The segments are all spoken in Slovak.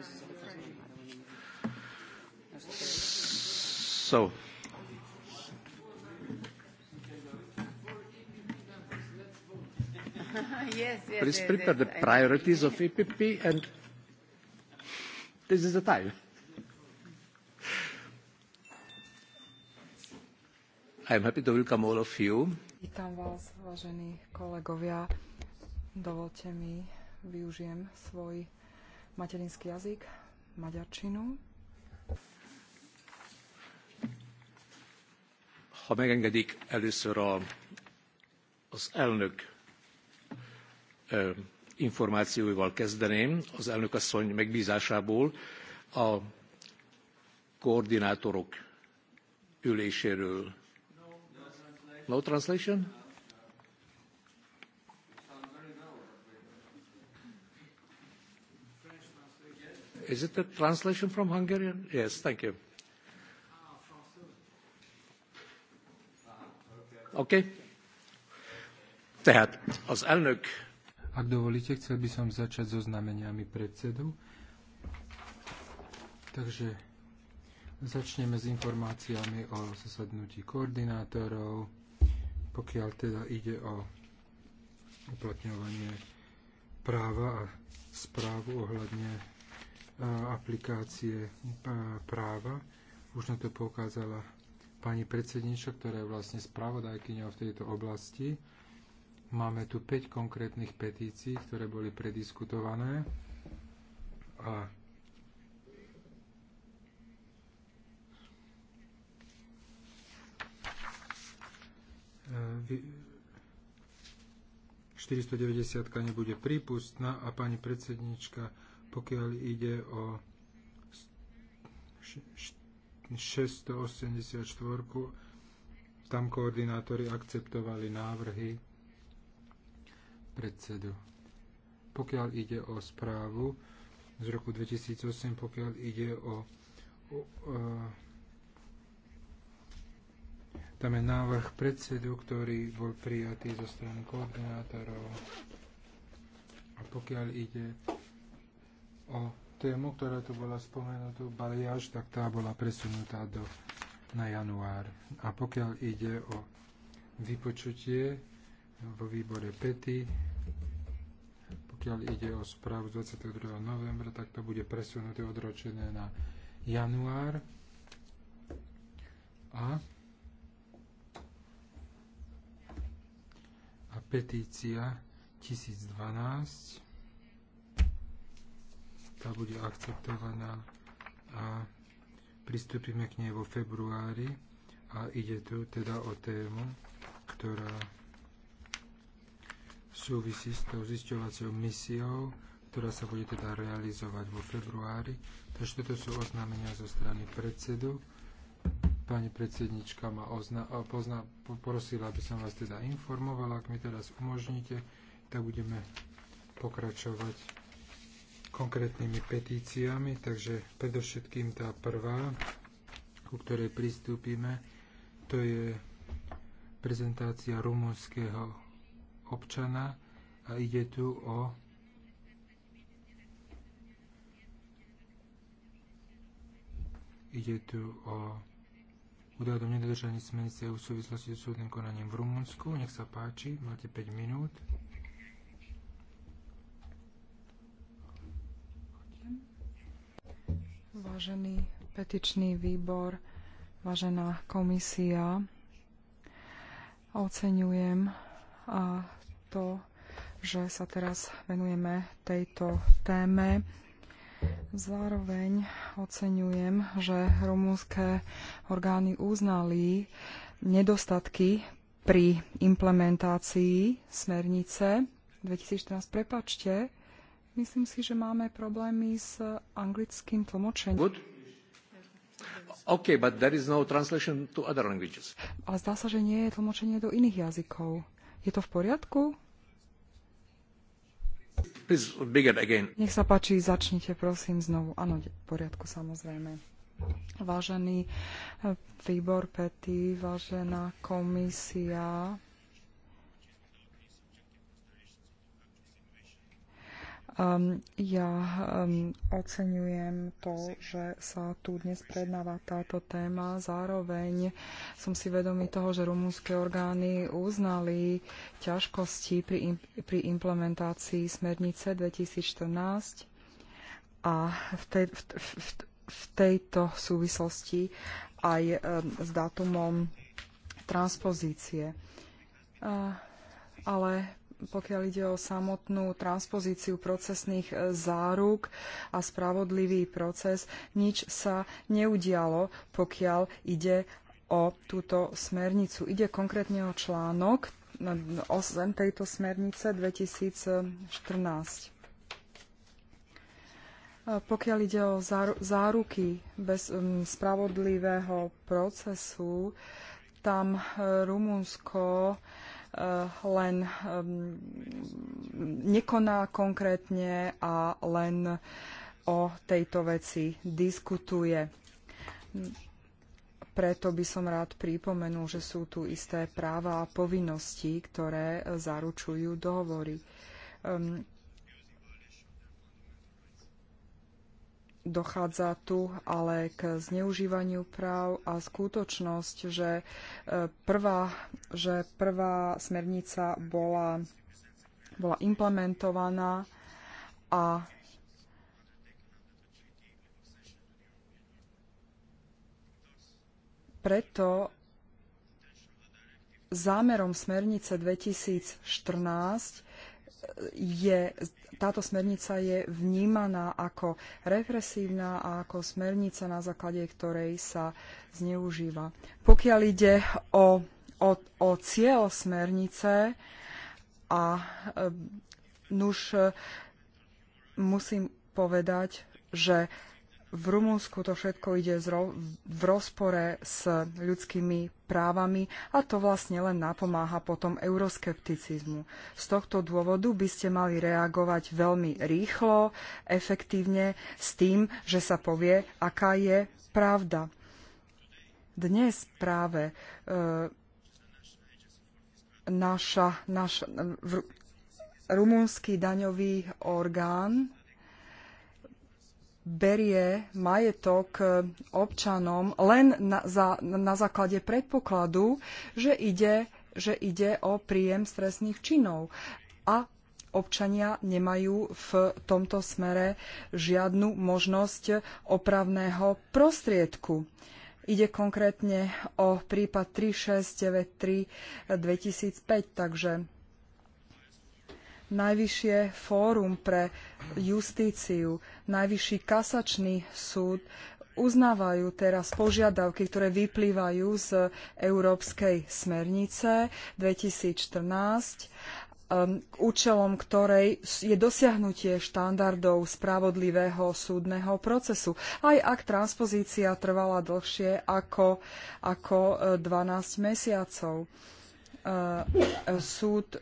So. yes, yes, Please prepare the priorities of EPP and this is the time. I am happy to welcome all of you. Vítam vás, vážení kolegovia. Dovolte mi, využijem svoj materinský jazyk, maďarčinu. Ha megengedik, először a, az elnök ö, információival kezdeném, az elnök asszony megbízásából a koordinátorok üléséről. No translation? Is it translation from Hungarian? Yes, thank you. OK. Tehát az elnök... Ak dovolíte, chcel by som začať so znameniami predsedu. Takže začneme s informáciami o zasadnutí koordinátorov, pokiaľ teda ide o uplatňovanie práva a správu ohľadne aplikácie práva. Už na to poukázala pani predsednička, ktorá je vlastne spravodajkyňou v tejto oblasti. Máme tu 5 konkrétnych petícií, ktoré boli prediskutované. A e, vy, 490 nebude prípustná a pani predsednička pokiaľ ide o 684, tam koordinátori akceptovali návrhy predsedu. Pokiaľ ide o správu z roku 2008, pokiaľ ide o, o, o tam je návrh predsedu, ktorý bol prijatý zo strany koordinátorov. A pokiaľ ide o tému, ktorá tu bola spomenutá, baliaž, tak tá bola presunutá do, na január. A pokiaľ ide o vypočutie vo výbore PETI, pokiaľ ide o správu 22. novembra, tak to bude presunuté odročené na január. A a petícia 1012 tá bude akceptovaná a pristúpime k nej vo februári a ide tu teda o tému, ktorá súvisí s tou zisťovacou misiou, ktorá sa bude teda realizovať vo februári. Takže toto sú oznámenia zo strany predsedu. Pani predsednička ma ozna, pozna, poprosila, aby som vás teda informovala, ak mi teraz umožníte, tak budeme pokračovať konkrétnymi petíciami, takže predovšetkým tá prvá, ku ktorej pristúpime, to je prezentácia rumunského občana a ide tu o ide tu o údaj nedodržaní smernice v súvislosti s súdnym konaním v Rumunsku. Nech sa páči, máte 5 minút. Vážený petičný výbor, vážená komisia, oceňujem a to, že sa teraz venujeme tejto téme. Zároveň oceňujem, že rumúnske orgány uznali nedostatky pri implementácii smernice 2014. Prepačte, Myslím si, že máme problémy s anglickým tlmočením. Good. Okay, but there is no translation to other languages. Ale zdá sa, že nie je tlmočenie do iných jazykov. Je to v poriadku? Please begin again. Nech sa páči, začnite prosím znovu. Áno, v poriadku samozrejme. Vážený eh, výbor PETI, vážená komisia, Um, ja um, oceňujem to, že sa tu dnes prednáva táto téma. Zároveň som si vedomý toho, že rumúnske orgány uznali ťažkosti pri, pri implementácii smernice 2014 a v, tej, v, v, v tejto súvislosti aj um, s dátumom transpozície. Uh, ale pokiaľ ide o samotnú transpozíciu procesných e, záruk a spravodlivý proces, nič sa neudialo, pokiaľ ide o túto smernicu. Ide konkrétne o článok 8 e, tejto smernice 2014. E, pokiaľ ide o záruky bez spravodlivého procesu, tam Rumunsko Eh, len ehm, nekoná konkrétne a len o tejto veci diskutuje. Preto by som rád pripomenul, že sú tu isté práva a povinnosti, ktoré zaručujú dohovory. Ehm, dochádza tu ale k zneužívaniu práv a skutočnosť, že e, prvá, že prvá smernica bola, bola implementovaná a preto zámerom smernice 2014 je, táto smernica je vnímaná ako represívna a ako smernica, na základe ktorej sa zneužíva. Pokiaľ ide o, o, o cieľ smernice, a e, nuž e, musím povedať, že v Rumunsku to všetko ide v rozpore s ľudskými právami a to vlastne len napomáha potom euroskepticizmu. Z tohto dôvodu by ste mali reagovať veľmi rýchlo, efektívne s tým, že sa povie, aká je pravda. Dnes práve e, naša, naš, rumúnsky daňový orgán berie majetok eh, občanom len na, za, na základe predpokladu, že ide, že ide o príjem stresných činov. A občania nemajú v tomto smere žiadnu možnosť opravného prostriedku. Ide konkrétne o prípad 3693 2005, takže najvyššie fórum pre justíciu, najvyšší kasačný súd uznávajú teraz požiadavky, ktoré vyplývajú z Európskej smernice 2014 k um, účelom ktorej je dosiahnutie štandardov spravodlivého súdneho procesu, aj ak transpozícia trvala dlhšie ako, ako 12 e, mesiacov. E, súd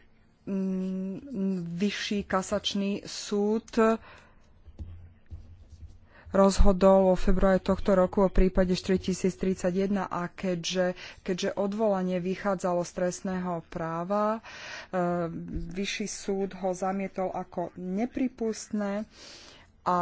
vyšší kasačný súd rozhodol vo februári tohto roku o prípade 4031 a keďže, keďže odvolanie vychádzalo z trestného práva, e, vyšší súd ho zamietol ako nepripustné a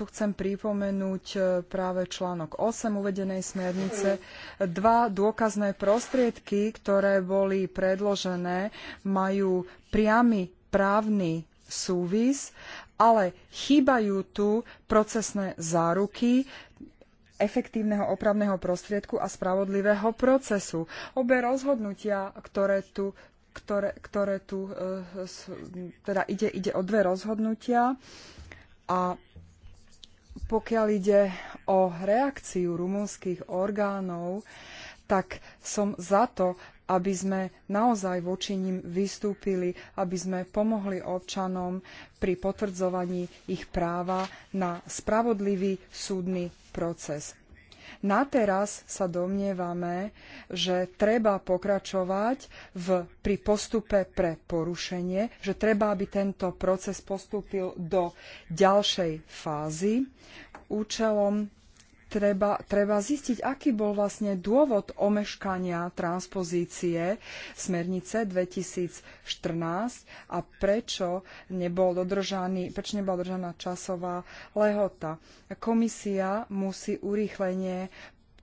tu chcem pripomenúť e, práve článok 8 uvedenej smernice. Dva dôkazné prostriedky, ktoré boli predložené, majú priamy právny súvis, ale chýbajú tu procesné záruky, efektívneho opravného prostriedku a spravodlivého procesu. Obe rozhodnutia, ktoré tu, ktoré, ktoré tu e, teda ide, ide o dve rozhodnutia a pokiaľ ide o reakciu rumunských orgánov, tak som za to, aby sme naozaj voči ním vystúpili, aby sme pomohli občanom pri potvrdzovaní ich práva na spravodlivý súdny proces. Na teraz sa domnievame, že treba pokračovať v, pri postupe pre porušenie, že treba, aby tento proces postúpil do ďalšej fázy účelom treba, treba zistiť, aký bol vlastne dôvod omeškania transpozície smernice 2014 a prečo, nebol dodržaný, prečo nebola dodržaná časová lehota. Komisia musí urýchlenie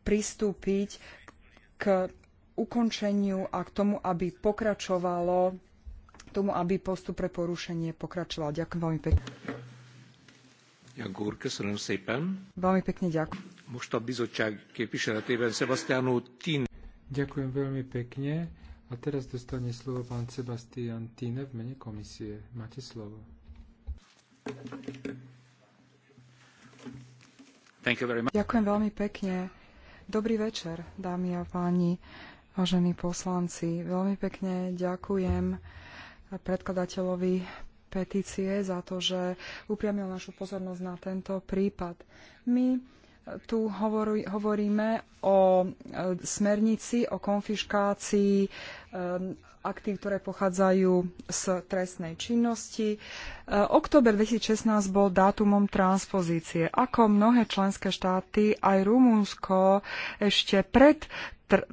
pristúpiť k ukončeniu a k tomu, aby pokračovalo tomu, aby postup pre porušenie pokračoval. Ďakujem veľmi pekne. Veľmi pekne ďakujem most bizottság képviseletében Sebastiano Tin. Ďakujem veľmi pekne. A teraz dostane slovo pán Sebastian Tine v mene komisie. Máte slovo. Ďakujem veľmi pekne. Dobrý večer, dámy a páni, vážení poslanci. Veľmi pekne ďakujem predkladateľovi petície za to, že upriamil našu pozornosť na tento prípad. My tu hovoríme o e, smernici o konfiškácii e, aktív, ktoré pochádzajú z trestnej činnosti. E, október 2016 bol dátumom transpozície. Ako mnohé členské štáty, aj Rumunsko ešte pred tr-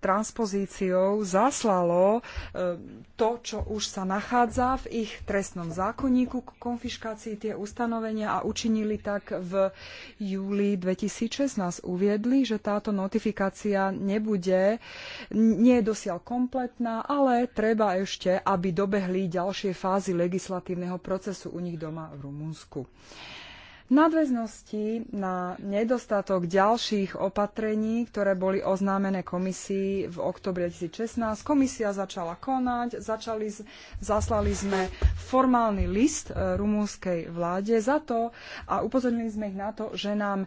transpozíciou zaslalo e, to, čo už sa nachádza v ich trestnom zákonníku k konfiškácii tie ustanovenia a učinili tak v júli 2016. Uviedli, že táto notifikácia nebude, nie je dosiaľ kompletná, ale treba ešte, aby dobehli ďalšie fázy legislatívneho procesu u nich doma v Rumunsku nadväznosti na nedostatok ďalších opatrení, ktoré boli oznámené komisii v oktobri 2016, komisia začala konať, začali, zaslali sme formálny list e, rumúnskej vláde za to a upozornili sme ich na to, že, nám,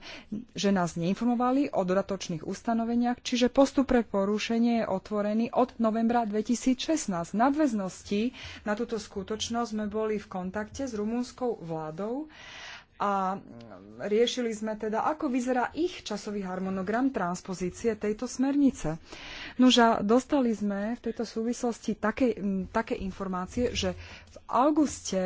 že nás neinformovali o dodatočných ustanoveniach, čiže postup pre porušenie je otvorený od novembra 2016. Nadväznosti na túto skutočnosť sme boli v kontakte s rumúnskou vládou a riešili sme teda, ako vyzerá ich časový harmonogram transpozície tejto smernice. Nože dostali sme v tejto súvislosti také, také informácie, že v auguste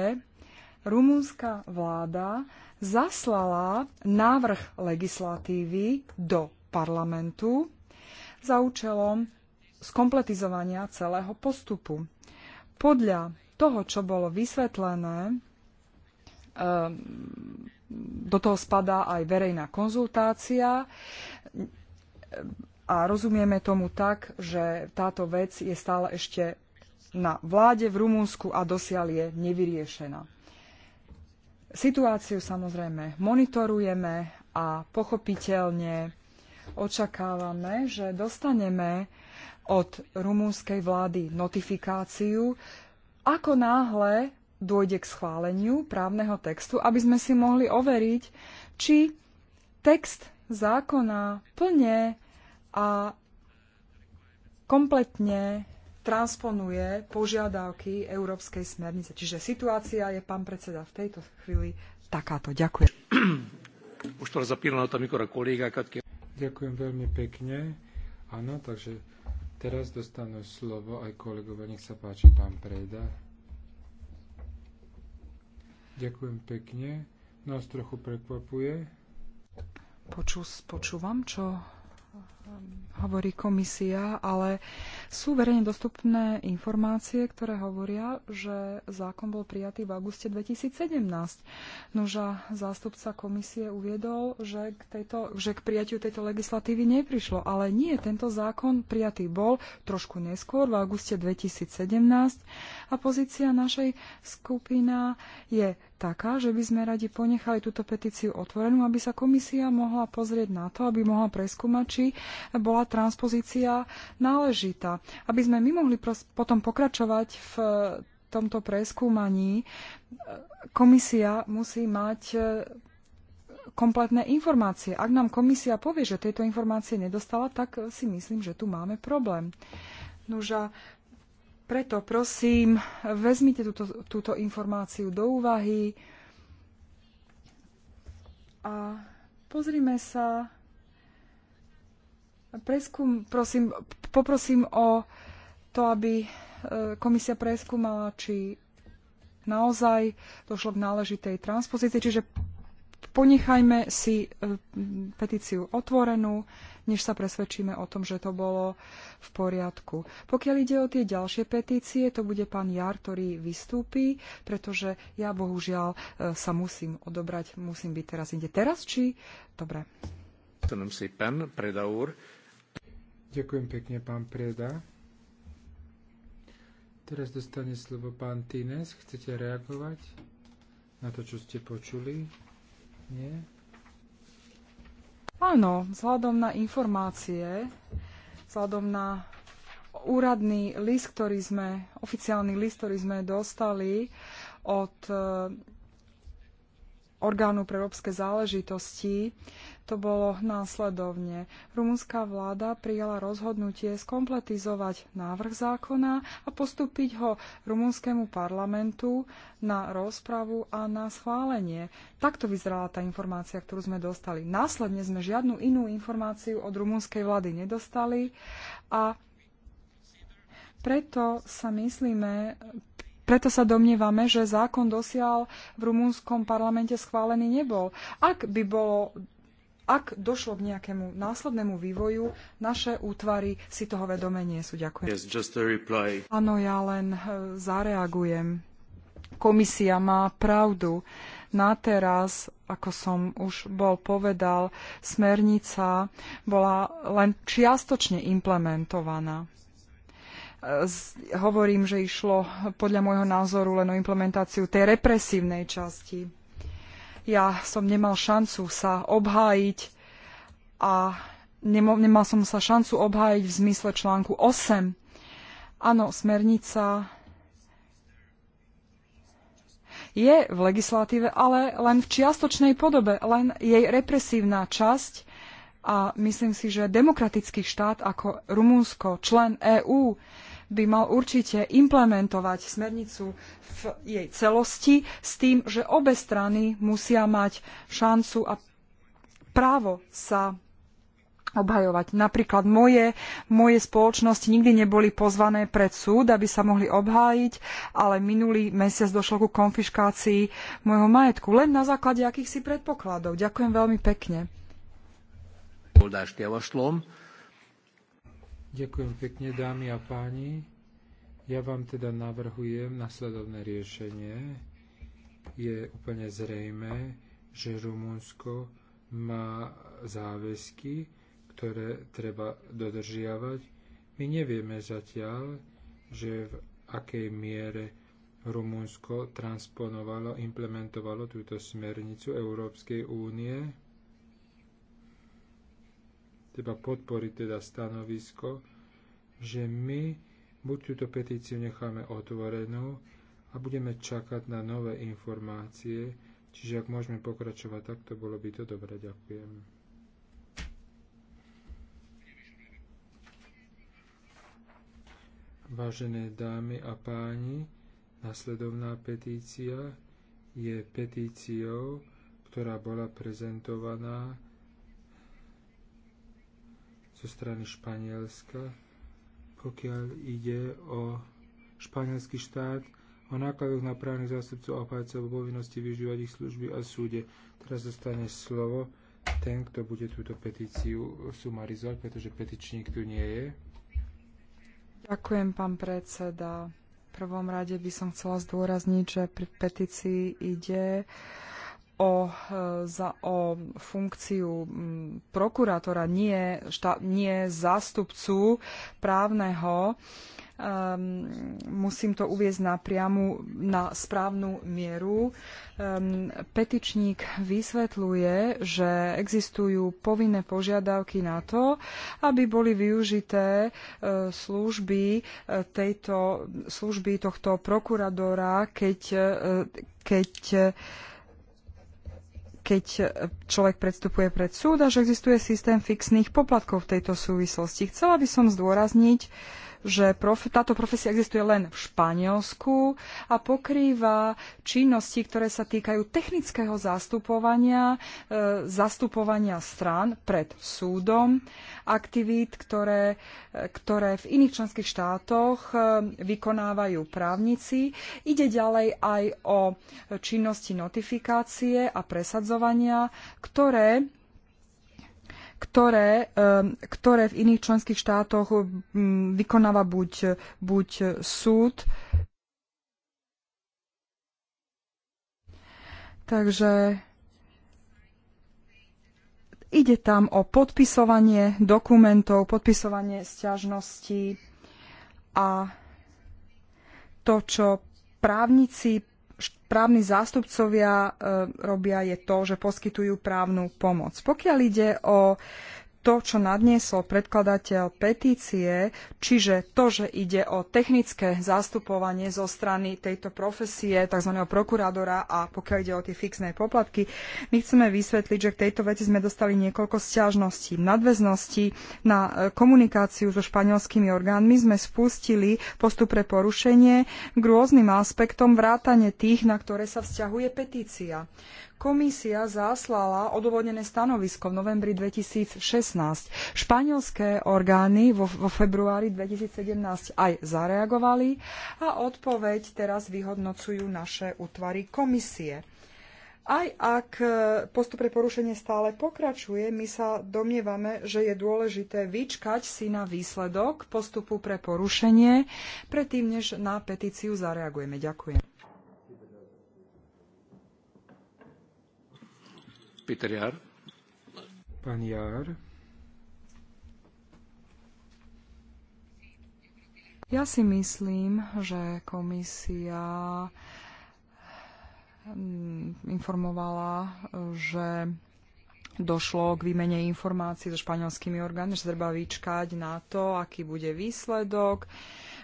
rumúnska vláda zaslala návrh legislatívy do parlamentu za účelom skompletizovania celého postupu. Podľa toho, čo bolo vysvetlené, Ehm, do toho spadá aj verejná konzultácia a rozumieme tomu tak, že táto vec je stále ešte na vláde v Rumunsku a dosiaľ je nevyriešená. Situáciu samozrejme monitorujeme a pochopiteľne očakávame, že dostaneme od rumúnskej vlády notifikáciu, ako náhle dôjde k schváleniu právneho textu, aby sme si mohli overiť, či text zákona plne a kompletne transponuje požiadavky Európskej smernice. Čiže situácia je, pán predseda, v tejto chvíli takáto. Ďakujem. Už to zapínala tam kolega Katke. Ďakujem veľmi pekne. Áno, takže teraz dostanú slovo aj kolegovia. Nech sa páči, pán Preda. Ďakujem pekne. Nás trochu prekvapuje. Poču, počúvam, čo um, hovorí komisia, ale sú verejne dostupné informácie, ktoré hovoria, že zákon bol prijatý v auguste 2017. Noža zástupca komisie uviedol, že k, tejto, že k prijatiu tejto legislatívy neprišlo. Ale nie, tento zákon prijatý bol trošku neskôr, v auguste 2017. A pozícia našej skupina je taká, že by sme radi ponechali túto petíciu otvorenú, aby sa komisia mohla pozrieť na to, aby mohla preskúmať, či bola transpozícia náležitá. Aby sme my mohli potom pokračovať v tomto preskúmaní, komisia musí mať e, kompletné informácie. Ak nám komisia povie, že tieto informácie nedostala, tak si myslím, že tu máme problém. Nuža, preto prosím, vezmite túto, túto informáciu do úvahy a pozrime sa. Preskum, prosím, poprosím o to, aby e, komisia preskúmala, či naozaj došlo k náležitej transpozícii, čiže ponechajme si e, petíciu otvorenú, než sa presvedčíme o tom, že to bolo v poriadku. Pokiaľ ide o tie ďalšie petície, to bude pán Jar, ktorý vystúpi, pretože ja bohužiaľ e, sa musím odobrať, musím byť teraz inde. Teraz či? Dobre. Ďakujem pekne, pán Preda. Teraz dostane slovo pán Tines. Chcete reagovať na to, čo ste počuli? Nie? Áno, vzhľadom na informácie, vzhľadom na úradný list, ktorý sme, oficiálny list, ktorý sme dostali od orgánu pre európske záležitosti. To bolo následovne. Rumunská vláda prijala rozhodnutie skompletizovať návrh zákona a postúpiť ho rumunskému parlamentu na rozpravu a na schválenie. Takto vyzerala tá informácia, ktorú sme dostali. Následne sme žiadnu inú informáciu od rumunskej vlády nedostali a preto sa myslíme, preto sa domnievame, že zákon dosiaľ v rumúnskom parlamente schválený nebol. Ak by bolo ak došlo k nejakému následnému vývoju, naše útvary si toho vedome nie sú. Ďakujem. Yes, Áno, ja len eh, zareagujem. Komisia má pravdu. Na teraz, ako som už bol povedal, smernica bola len čiastočne implementovaná hovorím, že išlo podľa môjho názoru len o implementáciu tej represívnej časti. Ja som nemal šancu sa obhájiť a nemal, som sa šancu obhájiť v zmysle článku 8. Áno, smernica je v legislatíve, ale len v čiastočnej podobe, len jej represívna časť a myslím si, že demokratický štát ako Rumúnsko, člen EÚ, by mal určite implementovať smernicu v jej celosti s tým, že obe strany musia mať šancu a právo sa obhajovať. Napríklad moje, moje spoločnosti nikdy neboli pozvané pred súd, aby sa mohli obhájiť, ale minulý mesiac došlo ku konfiškácii môjho majetku len na základe akýchsi predpokladov. Ďakujem veľmi pekne. javaslom. Ďakujem pekne, dámy a páni. Ja vám teda navrhujem nasledovné riešenie. Je úplne zrejme, že Rumunsko má záväzky, ktoré treba dodržiavať. My nevieme zatiaľ, že v akej miere Rumunsko transponovalo, implementovalo túto smernicu Európskej únie treba podporiť teda stanovisko, že my buď túto petíciu necháme otvorenú a budeme čakať na nové informácie, čiže ak môžeme pokračovať takto, bolo by to dobre. Ďakujem. Vážené dámy a páni, nasledovná petícia je petíciou, ktorá bola prezentovaná zo strany Španielska, pokiaľ ide o španielský štát, o nákladoch na právnych zástupcov a obhajcov, o povinnosti využívať ich služby a súde. Teraz dostane slovo ten, kto bude túto petíciu sumarizovať, pretože petičník tu nie je. Ďakujem, pán predseda. V prvom rade by som chcela zdôrazniť, že pri petícii ide o, za, o funkciu prokurátora, nie, šta, nie zástupcu právneho. Um, musím to uviezť na, priamu, na správnu mieru. Um, petičník vysvetľuje, že existujú povinné požiadavky na to, aby boli využité uh, služby, uh, tejto, služby tohto prokurátora, keď, uh, keď uh, keď človek predstupuje pred súd, že existuje systém fixných poplatkov v tejto súvislosti. Chcela by som zdôrazniť, že prof, táto profesia existuje len v Španielsku a pokrýva činnosti, ktoré sa týkajú technického zastupovania, e, zastupovania strán pred súdom, aktivít, ktoré, e, ktoré v iných členských štátoch e, vykonávajú právnici. Ide ďalej aj o činnosti notifikácie a presadzovania, ktoré ktoré, ehm, ktoré v iných členských štátoch vykonáva buď, buď súd. Takže ide tam o podpisovanie dokumentov, podpisovanie sťažností a to, čo právnici právni zástupcovia e, robia, je to, že poskytujú právnu pomoc. Pokiaľ ide o to, čo nadniesol predkladateľ petície, čiže to, že ide o technické zastupovanie zo strany tejto profesie, tzv. prokurátora a pokiaľ ide o tie fixné poplatky, my chceme vysvetliť, že k tejto veci sme dostali niekoľko stiažností. V nadväznosti na e, komunikáciu so španielskými orgánmi sme spustili postup pre porušenie k rôznym aspektom vrátane tých, na ktoré sa vzťahuje petícia. Komisia zaslala odôvodnené stanovisko v novembri 2016. Španielské orgány vo, vo februári 2017 aj zareagovali a odpoveď teraz vyhodnocujú naše útvary komisie. Aj ak e, postup pre porušenie stále pokračuje, my sa domnievame, že je dôležité vyčkať si na výsledok postupu pre porušenie, predtým než na petíciu zareagujeme. Ďakujem. Peter Jar. Pán Jar. Ja si myslím, že komisia mm, informovala, že došlo k výmene informácií so španielskými orgánmi, že treba vyčkať na to, aký bude výsledok. Uh,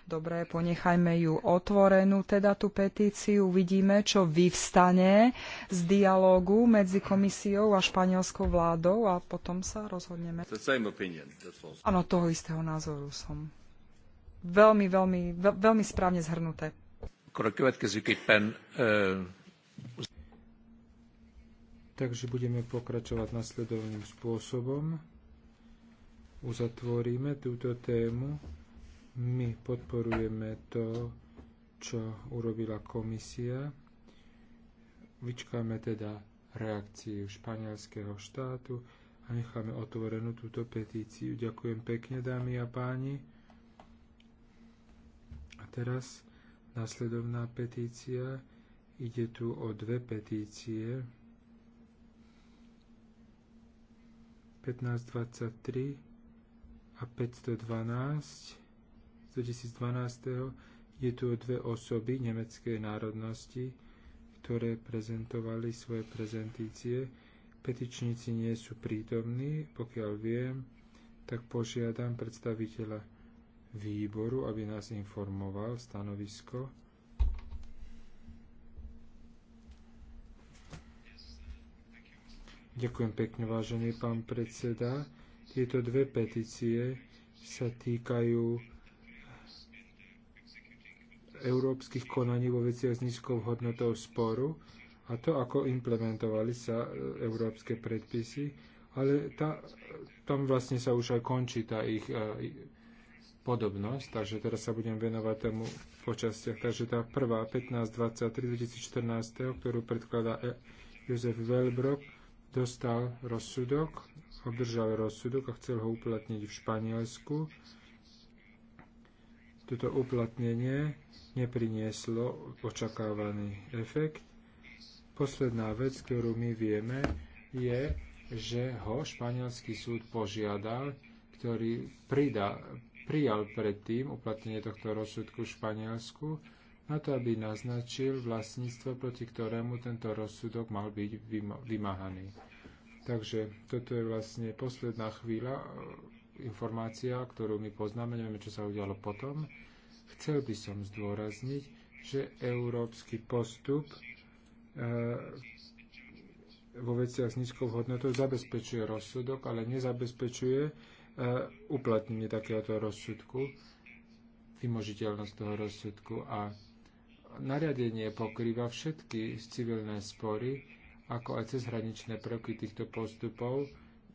Dobre, ponechajme ju otvorenú, teda tú petíciu. Uvidíme, čo vyvstane z dialógu medzi komisiou a španielskou vládou a potom sa rozhodneme. Áno, toho istého názoru som. Veľmi, veľmi, veľmi správne zhrnuté. Uh, Takže budeme pokračovať nasledovným spôsobom. Uzatvoríme túto tému. My podporujeme to, čo urobila komisia. Vyčkáme teda reakciu španielského štátu a necháme otvorenú túto petíciu. Ďakujem pekne, dámy a páni. A teraz nasledovná petícia. Ide tu o dve petície. 1523 a 512 2012. Je tu o dve osoby nemeckej národnosti, ktoré prezentovali svoje prezentície. Petičníci nie sú prítomní, pokiaľ viem, tak požiadam predstaviteľa výboru, aby nás informoval stanovisko. Ďakujem pekne, vážený pán predseda. Tieto dve petície sa týkajú európskych konaní vo veciach s nízkou hodnotou sporu a to, ako implementovali sa e, európske predpisy, ale tá, tam vlastne sa už aj končí tá ich e, podobnosť, takže teraz sa budem venovať tomu po častiach. Takže tá prvá 15.23.2014, ktorú predkladá e- Jozef Velbrok, dostal rozsudok, obdržal rozsudok a chcel ho uplatniť v Španielsku toto uplatnenie neprinieslo očakávaný efekt. Posledná vec, ktorú my vieme, je, že ho španielský súd požiadal, ktorý prida, prijal predtým uplatnenie tohto rozsudku v Španielsku, na to, aby naznačil vlastníctvo, proti ktorému tento rozsudok mal byť vymáhaný. Takže toto je vlastne posledná chvíľa, informácia, ktorú my poznáme, nevieme, čo sa udialo potom. Chcel by som zdôrazniť, že európsky postup e, vo veciach s nízkou hodnotou zabezpečuje rozsudok, ale nezabezpečuje e, uplatnenie takéhoto rozsudku, vymožiteľnosť toho rozsudku a nariadenie pokrýva všetky civilné spory, ako aj cezhraničné prvky týchto postupov,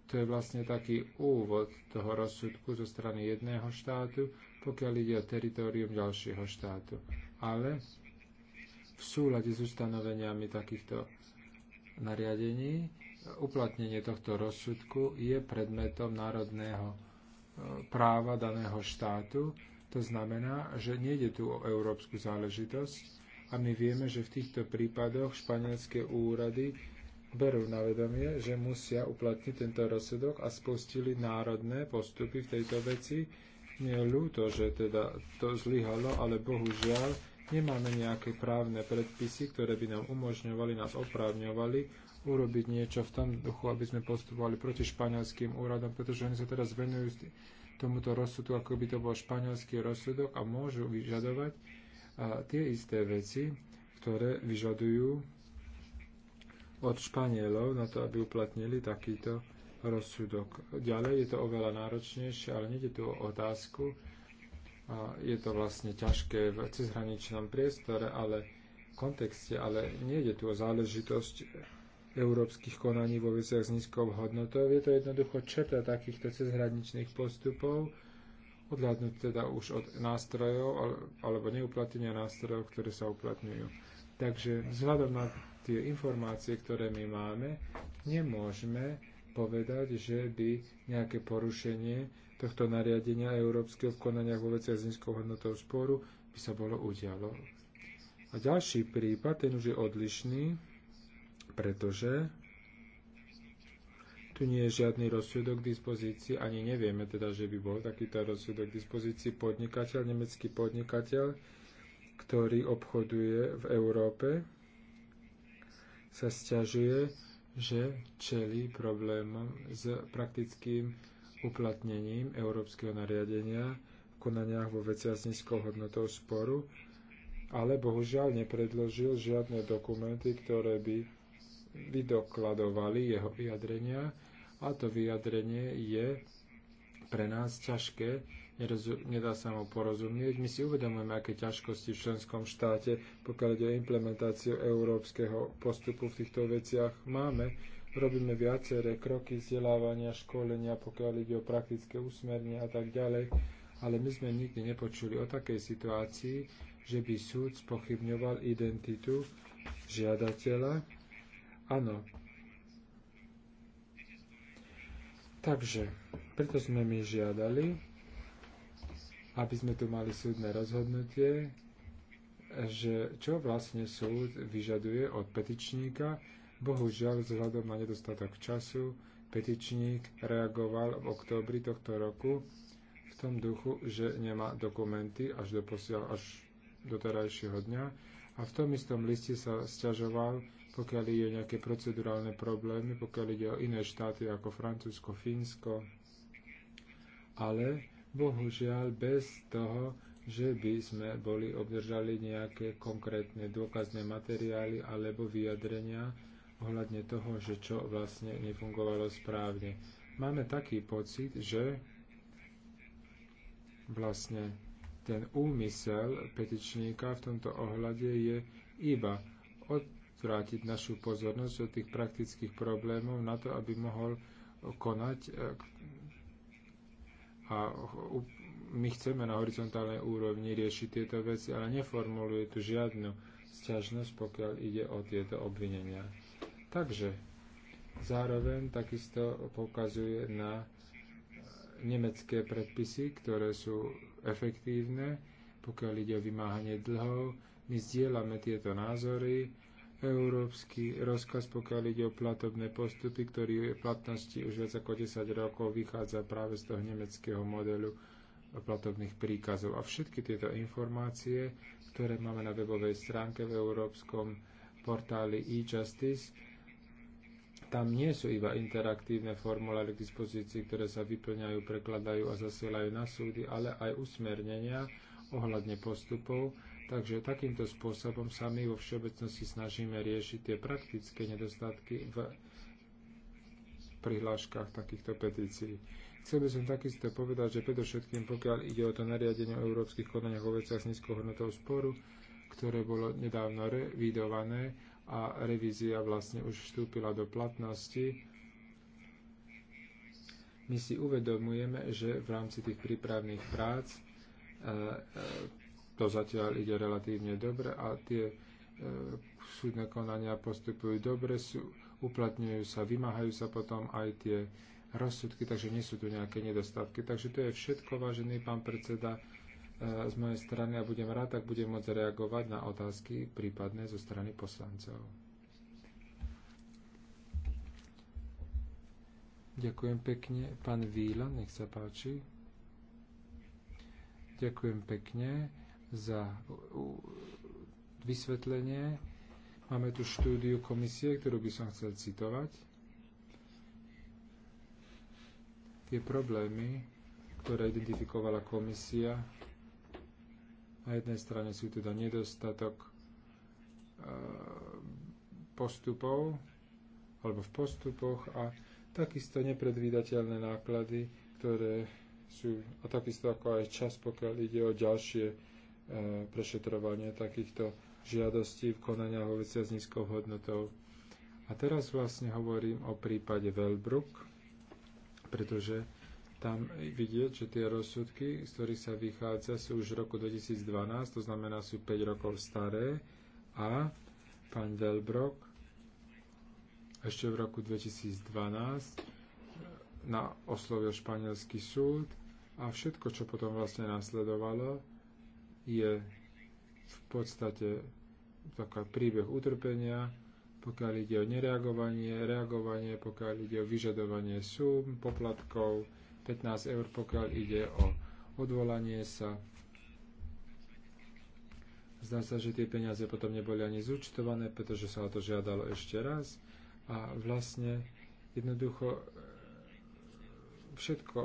to je vlastne taký úvod toho rozsudku zo strany jedného štátu, pokiaľ ide o teritorium ďalšieho štátu. Ale v súlade s ustanoveniami takýchto nariadení uplatnenie tohto rozsudku je predmetom národného e, práva daného štátu. To znamená, že nejde tu o európsku záležitosť a my vieme, že v týchto prípadoch španielské úrady berú na vedomie, že musia uplatniť tento rozsudok a spustili národné postupy v tejto veci. Nie je ľúto, že teda to zlyhalo, ale bohužiaľ nemáme nejaké právne predpisy, ktoré by nám umožňovali, nás oprávňovali urobiť niečo v tom duchu, aby sme postupovali proti španielským úradom, pretože oni sa teraz venujú tomuto rozsudku, ako by to bol španielský rozsudok a môžu vyžadovať a tie isté veci, ktoré vyžadujú od Španielov na to, aby uplatnili takýto rozsudok. Ďalej je to oveľa náročnejšie, ale nejde tu o otázku. A je to vlastne ťažké v cezhraničnom priestore, ale v kontexte, ale nejde tu o záležitosť európskych konaní vo veciach s nízkou hodnotou. Je to jednoducho četa takýchto cezhraničných postupov, odhľadnúť teda už od nástrojov alebo neuplatenia nástrojov, ktoré sa uplatňujú. Takže vzhľadom na tie informácie, ktoré my máme, nemôžeme povedať, že by nejaké porušenie tohto nariadenia európskeho v konaniach vo veciach s nízkou hodnotou sporu by sa bolo udialo. A ďalší prípad, ten už je odlišný, pretože tu nie je žiadny rozsudok k dispozícii, ani nevieme teda, že by bol takýto rozsudok k dispozícii podnikateľ, nemecký podnikateľ, ktorý obchoduje v Európe sa sťažuje, že čelí problémom s praktickým uplatnením európskeho nariadenia v konaniach vo veciach s nízkou hodnotou sporu, ale bohužiaľ nepredložil žiadne dokumenty, ktoré by vydokladovali jeho vyjadrenia a to vyjadrenie je pre nás ťažké nedá sa mu porozumieť. My si uvedomujeme, aké ťažkosti v členskom štáte, pokiaľ ide o implementáciu európskeho postupu v týchto veciach, máme. Robíme viaceré kroky vzdelávania, školenia, pokiaľ ide o praktické usmernia a tak ďalej, ale my sme nikdy nepočuli o takej situácii, že by súd spochybňoval identitu žiadateľa. Áno, Takže, preto sme my žiadali, aby sme tu mali súdne rozhodnutie, že čo vlastne súd vyžaduje od petičníka. Bohužiaľ, vzhľadom na nedostatok času, petičník reagoval v októbri tohto roku v tom duchu, že nemá dokumenty až do, posiaľ, až do terajšieho dňa a v tom istom liste sa sťažoval, pokiaľ ide o nejaké procedurálne problémy, pokiaľ ide o iné štáty ako Francúzsko, Fínsko, ale bohužiaľ bez toho, že by sme boli obdržali nejaké konkrétne dôkazné materiály alebo vyjadrenia ohľadne toho, že čo vlastne nefungovalo správne. Máme taký pocit, že vlastne ten úmysel petičníka v tomto ohľade je iba odvrátiť našu pozornosť od tých praktických problémov na to, aby mohol konať e, a my chceme na horizontálnej úrovni riešiť tieto veci, ale neformuluje tu žiadnu sťažnosť, pokiaľ ide o tieto obvinenia. Takže zároveň takisto poukazuje na nemecké predpisy, ktoré sú efektívne, pokiaľ ide o vymáhanie dlhov. My zdieľame tieto názory, Európsky rozkaz, pokiaľ ide o platobné postupy, ktorý je v platnosti už viac ako 10 rokov, vychádza práve z toho nemeckého modelu platobných príkazov. A všetky tieto informácie, ktoré máme na webovej stránke v európskom portáli e-justice, tam nie sú iba interaktívne formuláre k dispozícii, ktoré sa vyplňajú, prekladajú a zasielajú na súdy, ale aj usmernenia ohľadne postupov, Takže takýmto spôsobom sa my vo všeobecnosti snažíme riešiť tie praktické nedostatky v prihláškach takýchto petícií. Chcel by som takisto povedať, že predovšetkým pokiaľ ide o to nariadenie o európskych konaniach o veciach s nízkohodnotou sporu, ktoré bolo nedávno revidované a revízia vlastne už vstúpila do platnosti, my si uvedomujeme, že v rámci tých prípravných prác e, e, to zatiaľ ide relatívne dobre a tie e, súdne konania postupujú dobre, sú, uplatňujú sa, vymáhajú sa potom aj tie rozsudky, takže nie sú tu nejaké nedostatky. Takže to je všetko, vážený pán predseda, e, z mojej strany a budem rád, tak budem môcť reagovať na otázky prípadné zo strany poslancov. Ďakujem pekne. Pán Víla, nech sa páči. Ďakujem pekne za vysvetlenie. Máme tu štúdiu komisie, ktorú by som chcel citovať. Tie problémy, ktoré identifikovala komisia, na jednej strane sú teda nedostatok e, postupov alebo v postupoch a takisto nepredvídateľné náklady, ktoré sú a takisto ako aj čas, pokiaľ ide o ďalšie E, prešetrovanie takýchto žiadostí v konania vo veciach s nízkou hodnotou. A teraz vlastne hovorím o prípade Velbrook, pretože tam vidieť, že tie rozsudky, z ktorých sa vychádza, sú už v roku 2012, to znamená sú 5 rokov staré a pán Velbrook ešte v roku 2012 na oslovil španielský súd a všetko, čo potom vlastne nasledovalo, je v podstate taká príbeh utrpenia, pokiaľ ide o nereagovanie, reagovanie, pokiaľ ide o vyžadovanie súm, poplatkov, 15 eur, pokiaľ ide o odvolanie sa. Zdá sa, že tie peniaze potom neboli ani zúčtované, pretože sa o to žiadalo ešte raz a vlastne jednoducho všetko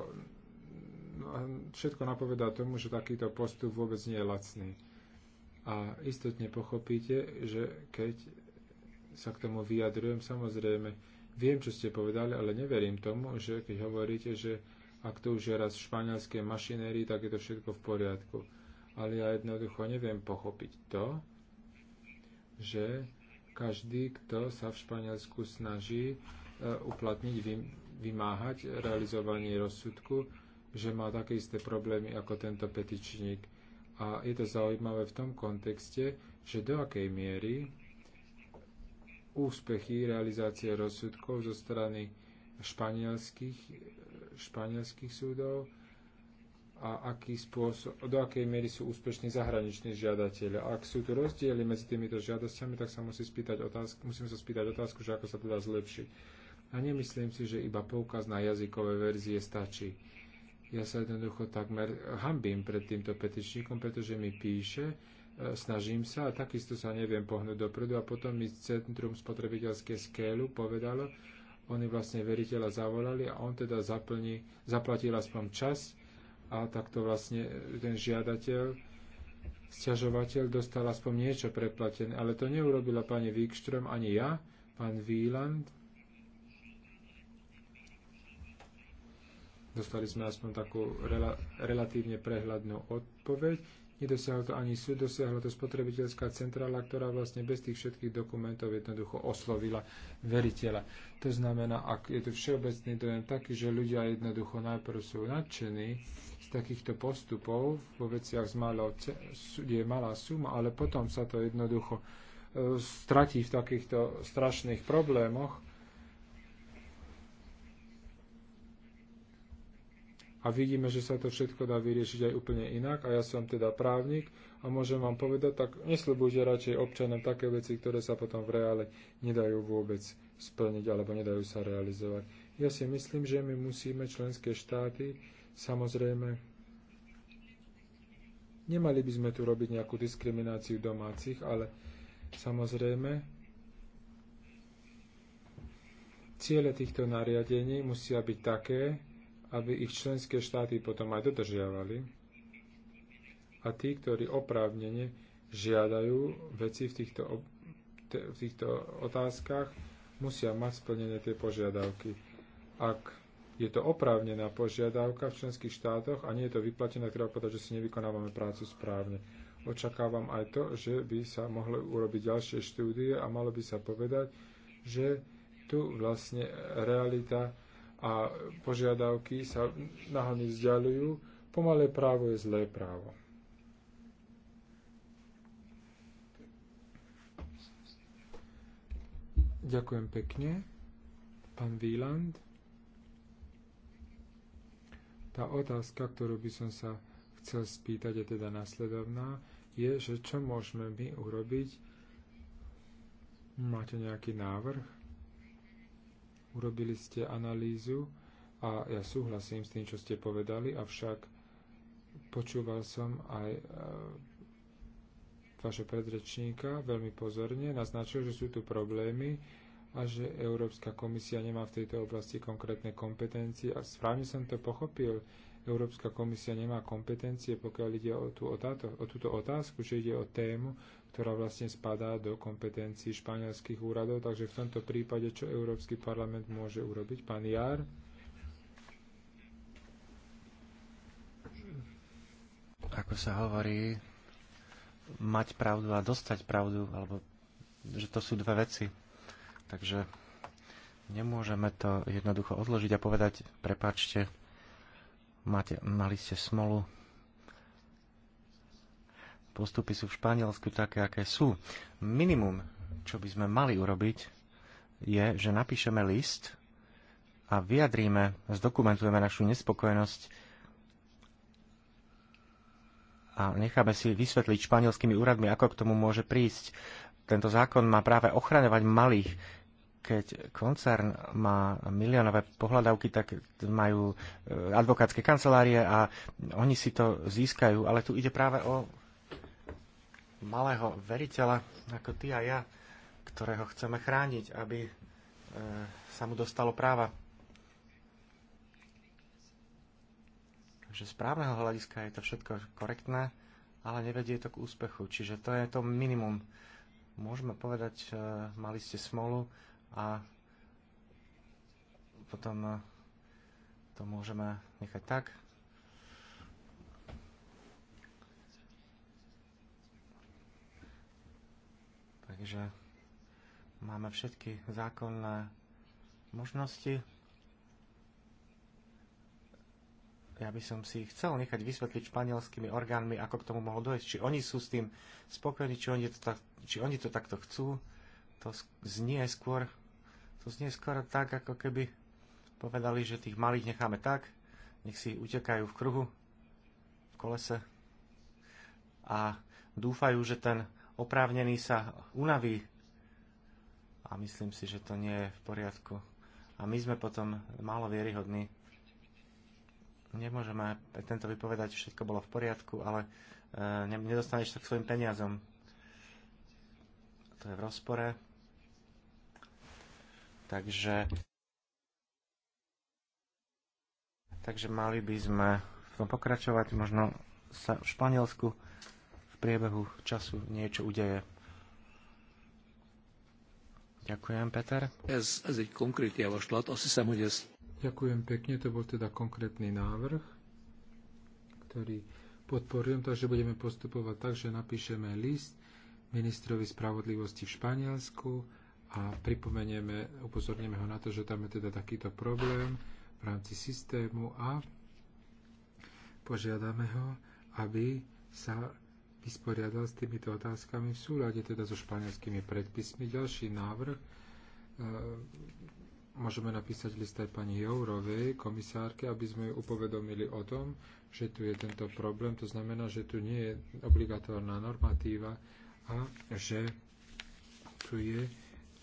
všetko napovedá tomu, že takýto postup vôbec nie je lacný. A istotne pochopíte, že keď sa k tomu vyjadrujem, samozrejme, viem, čo ste povedali, ale neverím tomu, že keď hovoríte, že ak to už je raz v španielskej mašinérii, tak je to všetko v poriadku. Ale ja jednoducho neviem pochopiť to, že každý, kto sa v Španielsku snaží e, uplatniť, vymáhať realizovanie rozsudku, že má také isté problémy ako tento petičník. A je to zaujímavé v tom kontexte, že do akej miery úspechy realizácie rozsudkov zo strany španielských, španielských súdov a aký spôsob, do akej miery sú úspešní zahraniční žiadatelia. Ak sú tu rozdiely medzi týmito žiadosťami, tak sa musí spýtať otázku, musím sa spýtať otázku, že ako sa to dá zlepšiť. A nemyslím si, že iba poukaz na jazykové verzie stačí. Ja sa jednoducho takmer hambím pred týmto petičníkom, pretože mi píše, e, snažím sa a takisto sa neviem pohnúť dopredu a potom mi Centrum spotrebiteľské skélu povedalo, oni vlastne veriteľa zavolali a on teda zaplní, zaplatil aspoň čas a takto vlastne ten žiadateľ, sťažovateľ dostal aspoň niečo preplatené. Ale to neurobila pani Wikström ani ja, pán Wieland, Dostali sme aspoň takú rela- relatívne prehľadnú odpoveď. Nedosiahlo to ani súd, dosiahla to spotrebiteľská centrála, ktorá vlastne bez tých všetkých dokumentov jednoducho oslovila veriteľa. To znamená, ak je tu všeobecný dojem taký, že ľudia jednoducho najprv sú nadšení z takýchto postupov vo veciach z malou, je malá suma, ale potom sa to jednoducho e, stratí v takýchto strašných problémoch, a vidíme, že sa to všetko dá vyriešiť aj úplne inak a ja som teda právnik a môžem vám povedať, tak nesľubujte radšej občanom také veci, ktoré sa potom v reále nedajú vôbec splniť alebo nedajú sa realizovať. Ja si myslím, že my musíme členské štáty samozrejme nemali by sme tu robiť nejakú diskrimináciu domácich, ale samozrejme ciele týchto nariadení musia byť také, aby ich členské štáty potom aj dodržiavali. A tí, ktorí oprávnene žiadajú veci v týchto, v týchto otázkach, musia mať splnené tie požiadavky. Ak je to oprávnená požiadavka v členských štátoch a nie je to vyplatené, treba povedať, že si nevykonávame prácu správne. Očakávam aj to, že by sa mohlo urobiť ďalšie štúdie a malo by sa povedať, že tu vlastne realita a požiadavky sa nahony vzdialujú, pomalé právo je zlé právo. Ďakujem pekne. Pán Wieland. Tá otázka, ktorú by som sa chcel spýtať, je teda nasledovná, je, že čo môžeme my urobiť? Máte nejaký návrh? Urobili ste analýzu a ja súhlasím s tým, čo ste povedali, avšak počúval som aj e, vaše predrečníka veľmi pozorne, naznačil, že sú tu problémy a že Európska komisia nemá v tejto oblasti konkrétne kompetencie. A správne som to pochopil, Európska komisia nemá kompetencie, pokiaľ ide o, tú, o túto otázku, že ide o tému, ktorá vlastne spadá do kompetencií španielských úradov. Takže v tomto prípade, čo Európsky parlament môže urobiť? Pán Jar. Ako sa hovorí, mať pravdu a dostať pravdu, alebo že to sú dve veci. Takže nemôžeme to jednoducho odložiť a povedať, prepačte, Máte, mali ste smolu. Postupy sú v Španielsku také, aké sú. Minimum, čo by sme mali urobiť, je, že napíšeme list a vyjadríme, zdokumentujeme našu nespokojnosť a necháme si vysvetliť španielskými úradmi, ako k tomu môže prísť. Tento zákon má práve ochraňovať malých keď koncern má miliónové pohľadavky, tak majú e, advokátske kancelárie a oni si to získajú. Ale tu ide práve o malého veriteľa, ako ty a ja, ktorého chceme chrániť, aby e, sa mu dostalo práva. Takže z právneho hľadiska je to všetko korektné, ale nevedie to k úspechu. Čiže to je to minimum. Môžeme povedať, e, mali ste smolu, a potom eh, to môžeme nechať tak. Takže máme všetky zákonné možnosti. Ja by som si chcel nechať vysvetliť španielskými orgánmi, ako k tomu mohlo dojsť. Či oni sú s tým spokojní, či oni to, tak, či oni to takto chcú. To znie skôr to znie skoro tak, ako keby povedali, že tých malých necháme tak, nech si utekajú v kruhu, v kolese a dúfajú, že ten oprávnený sa unaví a myslím si, že to nie je v poriadku. A my sme potom málo vieryhodní. Nemôžeme tento vypovedať, že všetko bolo v poriadku, ale e, nedostaneš sa k svojim peniazom. To je v rozpore Takže, takže mali by sme v tom pokračovať. Možno sa v Španielsku v priebehu času niečo udeje. Ďakujem, Peter. Ďakujem pekne, to bol teda konkrétny návrh, ktorý podporujem, takže budeme postupovať tak, že napíšeme list ministrovi spravodlivosti v Španielsku, a pripomenieme, upozorníme ho na to, že tam je teda takýto problém v rámci systému a požiadame ho, aby sa vysporiadal s týmito otázkami v súľade teda so španielskými predpismi. Ďalší návrh e, môžeme napísať list aj pani Jourovej, komisárke, aby sme ju upovedomili o tom, že tu je tento problém. To znamená, že tu nie je obligatórna normatíva a že tu je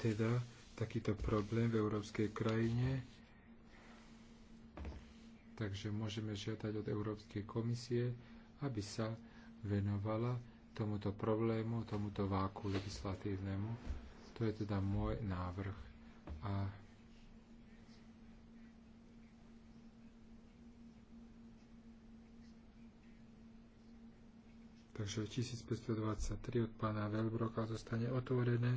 teda takýto problém v európskej krajine. Takže môžeme žiadať od Európskej komisie, aby sa venovala tomuto problému, tomuto váku legislatívnemu. To je teda môj návrh. A Takže 1523 od pána Velbroka zostane otvorené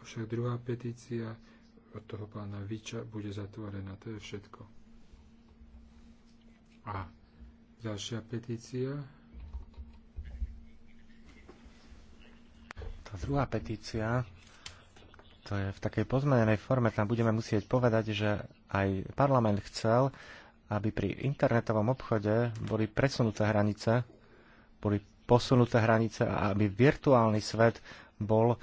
Avšak druhá petícia od toho pána Viča bude zatvorená. To je všetko. A ďalšia petícia. Tá druhá petícia, to je v takej pozmenenej forme, tam budeme musieť povedať, že aj parlament chcel, aby pri internetovom obchode boli presunuté hranice, boli posunuté hranice a aby virtuálny svet bol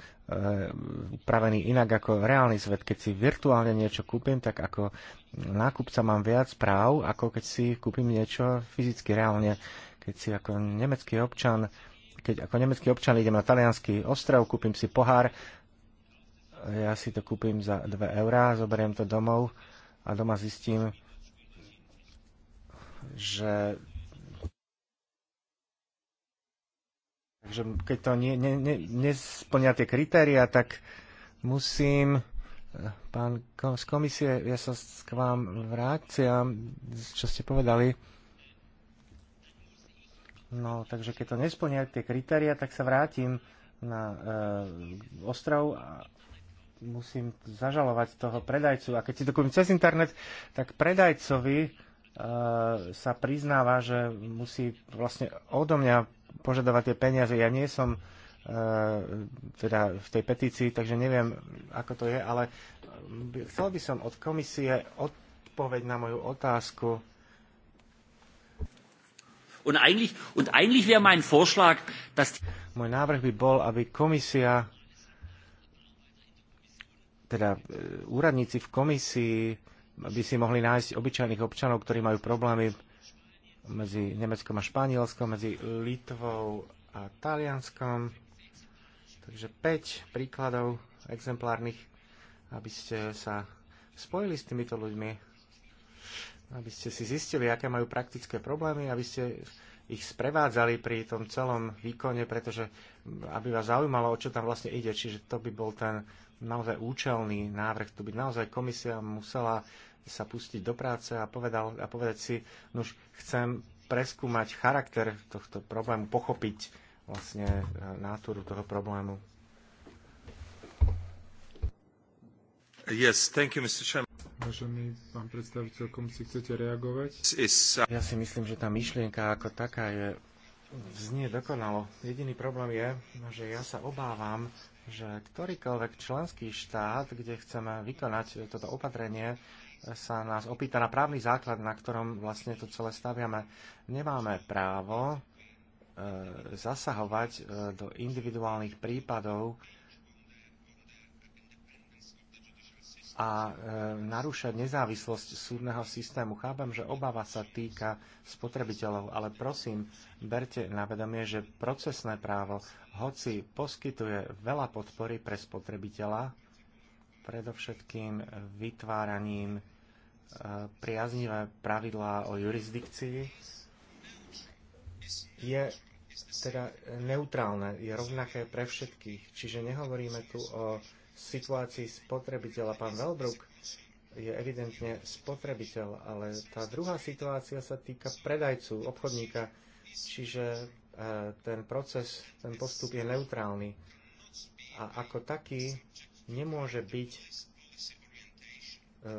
upravený inak ako reálny svet. Keď si virtuálne niečo kúpim, tak ako nákupca mám viac práv, ako keď si kúpim niečo fyzicky reálne. Keď si ako nemecký občan, keď ako nemecký občan idem na talianský ostrov, kúpim si pohár, ja si to kúpim za 2 eurá, zoberiem to domov a doma zistím, že Takže keď to nie, nie, nie, nesplňa tie kritéria, tak musím, eh, pán z komisie, ja sa k vám vráciam, čo ste povedali. No, takže keď to nesplňa tie kritéria, tak sa vrátim na e, ostrov a musím zažalovať toho predajcu. A keď si to kúpim cez internet, tak predajcovi e, sa priznáva, že musí vlastne odo mňa požadovať tie peniaze. Ja nie som e, teda v tej petícii, takže neviem, ako to je, ale chcel by som od komisie odpoveď na moju otázku. Und eigentlich, und eigentlich wäre mein Vorschlag, dass... Môj návrh by bol, aby komisia, teda e, úradníci v komisii, aby si mohli nájsť obyčajných občanov, ktorí majú problémy medzi Nemeckom a Španielskom, medzi Litvou a Talianskom. Takže 5 príkladov exemplárnych, aby ste sa spojili s týmito ľuďmi, aby ste si zistili, aké majú praktické problémy, aby ste ich sprevádzali pri tom celom výkone, pretože aby vás zaujímalo, o čo tam vlastne ide. Čiže to by bol ten naozaj účelný návrh. Tu by naozaj komisia musela sa pustiť do práce a, povedal, a povedať si, už chcem preskúmať charakter tohto problému, pochopiť vlastne e, náturu toho problému. Yes, thank you, Mr. Chairman. Vážený pán predstaviteľ si chcete reagovať? Uh, ja si myslím, že tá myšlienka ako taká je Znie dokonalo. Jediný problém je, že ja sa obávam, že ktorýkoľvek členský štát, kde chceme vykonať toto opatrenie, sa nás opýta na právny základ, na ktorom vlastne to celé staviame. Nemáme právo e, zasahovať e, do individuálnych prípadov a e, narúšať nezávislosť súdneho systému. Chápem, že obava sa týka spotrebiteľov, ale prosím, berte na vedomie, že procesné právo, hoci poskytuje veľa podpory pre spotrebiteľa, predovšetkým vytváraním e, priaznivé pravidlá o jurisdikcii je teda neutrálne, je rovnaké pre všetkých. Čiže nehovoríme tu o situácii spotrebiteľa. Pán Velbruk je evidentne spotrebiteľ, ale tá druhá situácia sa týka predajcu, obchodníka, čiže e, ten proces, ten postup je neutrálny. A ako taký nemôže byť e, e,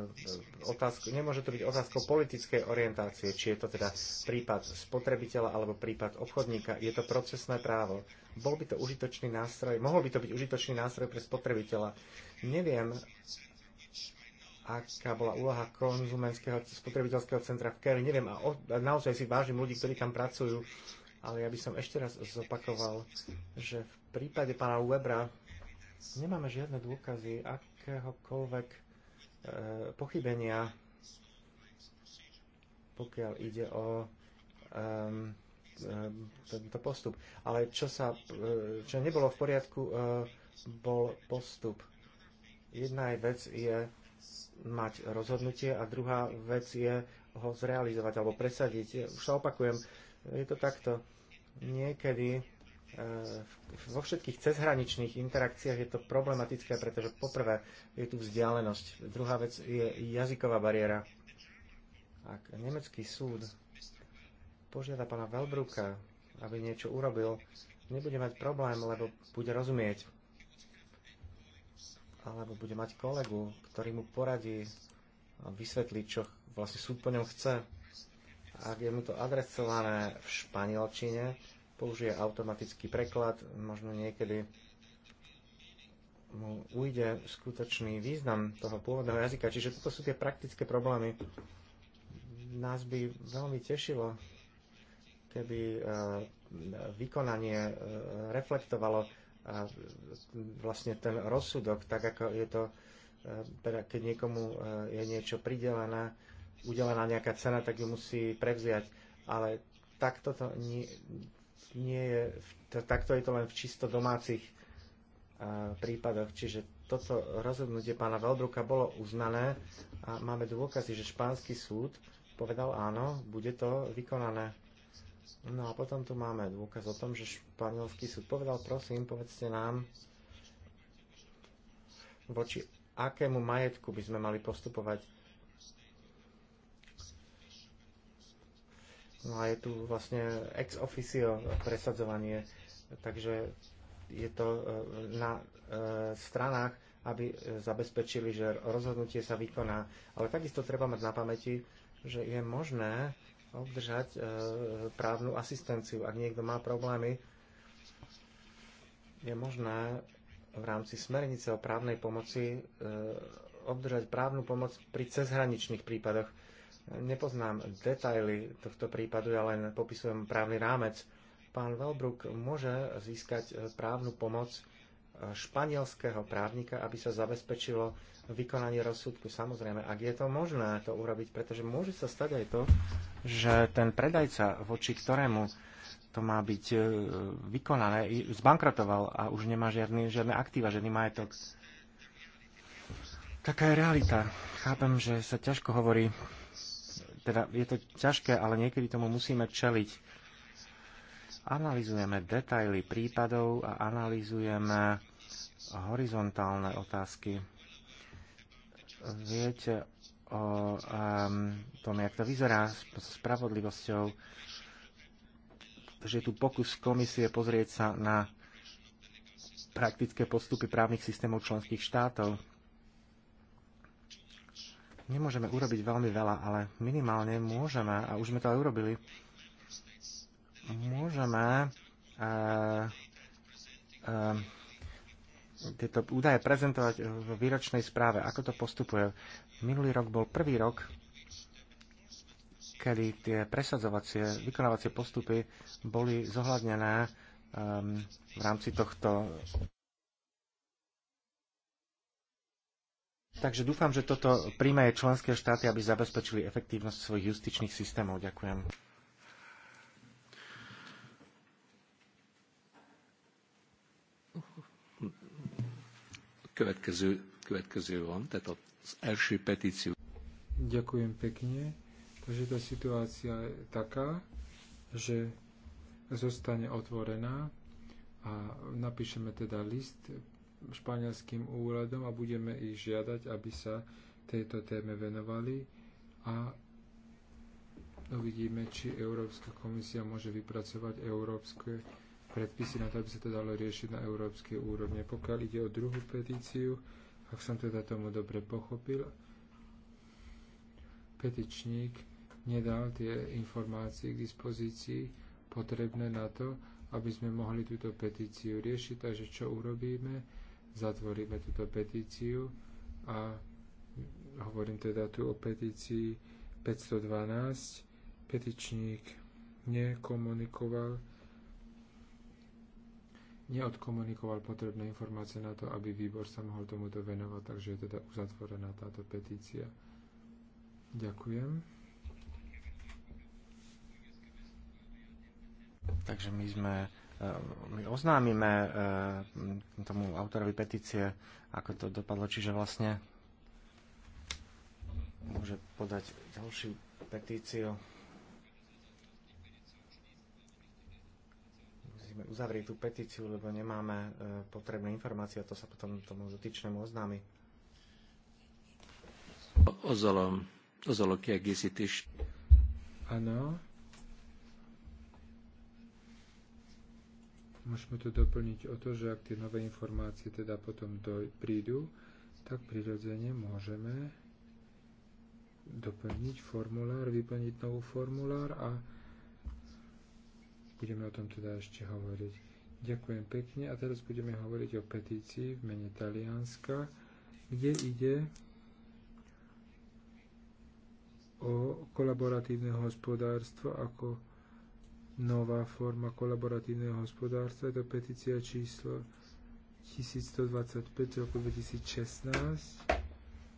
otázku, nemôže to byť otázkou politickej orientácie, či je to teda prípad spotrebiteľa alebo prípad obchodníka. Je to procesné právo. Bol by to užitočný nástroj, mohol by to byť užitočný nástroj pre spotrebiteľa. Neviem, aká bola úloha konzumenského spotrebiteľského centra v Kerry. Neviem, a, o, a naozaj si vážim ľudí, ktorí tam pracujú, ale ja by som ešte raz zopakoval, že v prípade pána Webra Nemáme žiadne dôkazy akéhokoľvek e, pochybenia, pokiaľ ide o e, tento postup. Ale čo, sa, e, čo nebolo v poriadku, e, bol postup. Jedna vec je mať rozhodnutie a druhá vec je ho zrealizovať alebo presadiť. Už sa opakujem, je to takto. Niekedy vo všetkých cezhraničných interakciách je to problematické, pretože poprvé je tu vzdialenosť, druhá vec je jazyková bariéra. Ak nemecký súd požiada pána Velbruka, aby niečo urobil, nebude mať problém, lebo bude rozumieť. Alebo bude mať kolegu, ktorý mu poradí a vysvetlí, čo vlastne súd po ňom chce. Ak je mu to adresované v španielčine, použije automatický preklad, možno niekedy mu ujde skutočný význam toho pôvodného jazyka. Čiže toto sú tie praktické problémy. Nás by veľmi tešilo, keby e, vykonanie e, reflektovalo e, vlastne ten rozsudok, tak ako je to, teda keď niekomu je niečo pridelené, udelená nejaká cena, tak ju musí prevziať. Ale takto to nie, nie je, takto je to len v čisto domácich prípadoch. Čiže toto rozhodnutie pána Veldruka bolo uznané a máme dôkazy, že špánsky súd povedal áno, bude to vykonané. No a potom tu máme dôkaz o tom, že španielský súd povedal, prosím, povedzte nám, voči akému majetku by sme mali postupovať No a je tu vlastne ex officio presadzovanie, takže je to e, na e, stranách, aby e, zabezpečili, že rozhodnutie sa vykoná. Ale takisto treba mať na pamäti, že je možné obdržať právnu asistenciu. Ak niekto má problémy, je možné v rámci smernice o právnej pomoci obdržať právnu pomoc pri cezhraničných prípadoch. Nepoznám detaily tohto prípadu, ja len popisujem právny rámec. Pán Velbruk môže získať e, právnu pomoc e, španielského právnika, aby sa zabezpečilo vykonanie rozsudku. Samozrejme, ak je to možné to urobiť, pretože môže sa stať aj to, že ten predajca, voči ktorému to má byť e, vykonané, zbankrotoval a už nemá žiadny, žiadne aktíva, žiadny majetok. Taká je realita. Chápem, že sa ťažko hovorí teda je to ťažké, ale niekedy tomu musíme čeliť. Analizujeme detaily prípadov a analizujeme horizontálne otázky. Viete o um, tom, jak to vyzerá s spravodlivosťou, že je tu pokus komisie pozrieť sa na praktické postupy právnych systémov členských štátov nemôžeme urobiť veľmi veľa, ale minimálne môžeme, a už sme to aj urobili, môžeme e, e, tieto údaje prezentovať v výročnej správe, ako to postupuje. Minulý rok bol prvý rok, kedy tie presadzovacie, vykonávacie postupy boli zohľadnené um, v rámci tohto Takže dúfam, že toto príjme aj členské štáty, aby zabezpečili efektívnosť svojich justičných systémov. Ďakujem. Következő, van, tehát az első petíció. Ďakujem pekne. Takže tá situácia je taká, že zostane otvorená a napíšeme teda list španielským úradom a budeme ich žiadať, aby sa tejto téme venovali a uvidíme, či Európska komisia môže vypracovať európske predpisy na to, aby sa to dalo riešiť na európskej úrovne. Pokiaľ ide o druhú petíciu, ak som teda tomu dobre pochopil, petičník nedal tie informácie k dispozícii potrebné na to, aby sme mohli túto petíciu riešiť. Takže čo urobíme? zatvoríme túto petíciu a hovorím teda tu o petícii 512. Petičník nekomunikoval neodkomunikoval potrebné informácie na to, aby výbor sa mohol tomuto venovať, takže je teda uzatvorená táto petícia. Ďakujem. Takže my sme Eh, my oznámime eh, tomu autorovi petície, ako to dopadlo, čiže vlastne môže podať ďalšiu petíciu. Musíme uzavrieť tú petíciu, lebo nemáme eh, potrebné informácie a to sa potom tomu dotyčnému oznámi. Azzal a, azzal a kiegészítés. Áno môžeme to doplniť o to, že ak tie nové informácie teda potom do, prídu, tak prirodzene môžeme doplniť formulár, vyplniť novú formulár a budeme o tom teda ešte hovoriť. Ďakujem pekne a teraz budeme hovoriť o petícii v mene Talianska, kde ide o kolaboratívne hospodárstvo ako nová forma kolaboratívneho hospodárstva. Je to petícia číslo 1125 z roku 2016.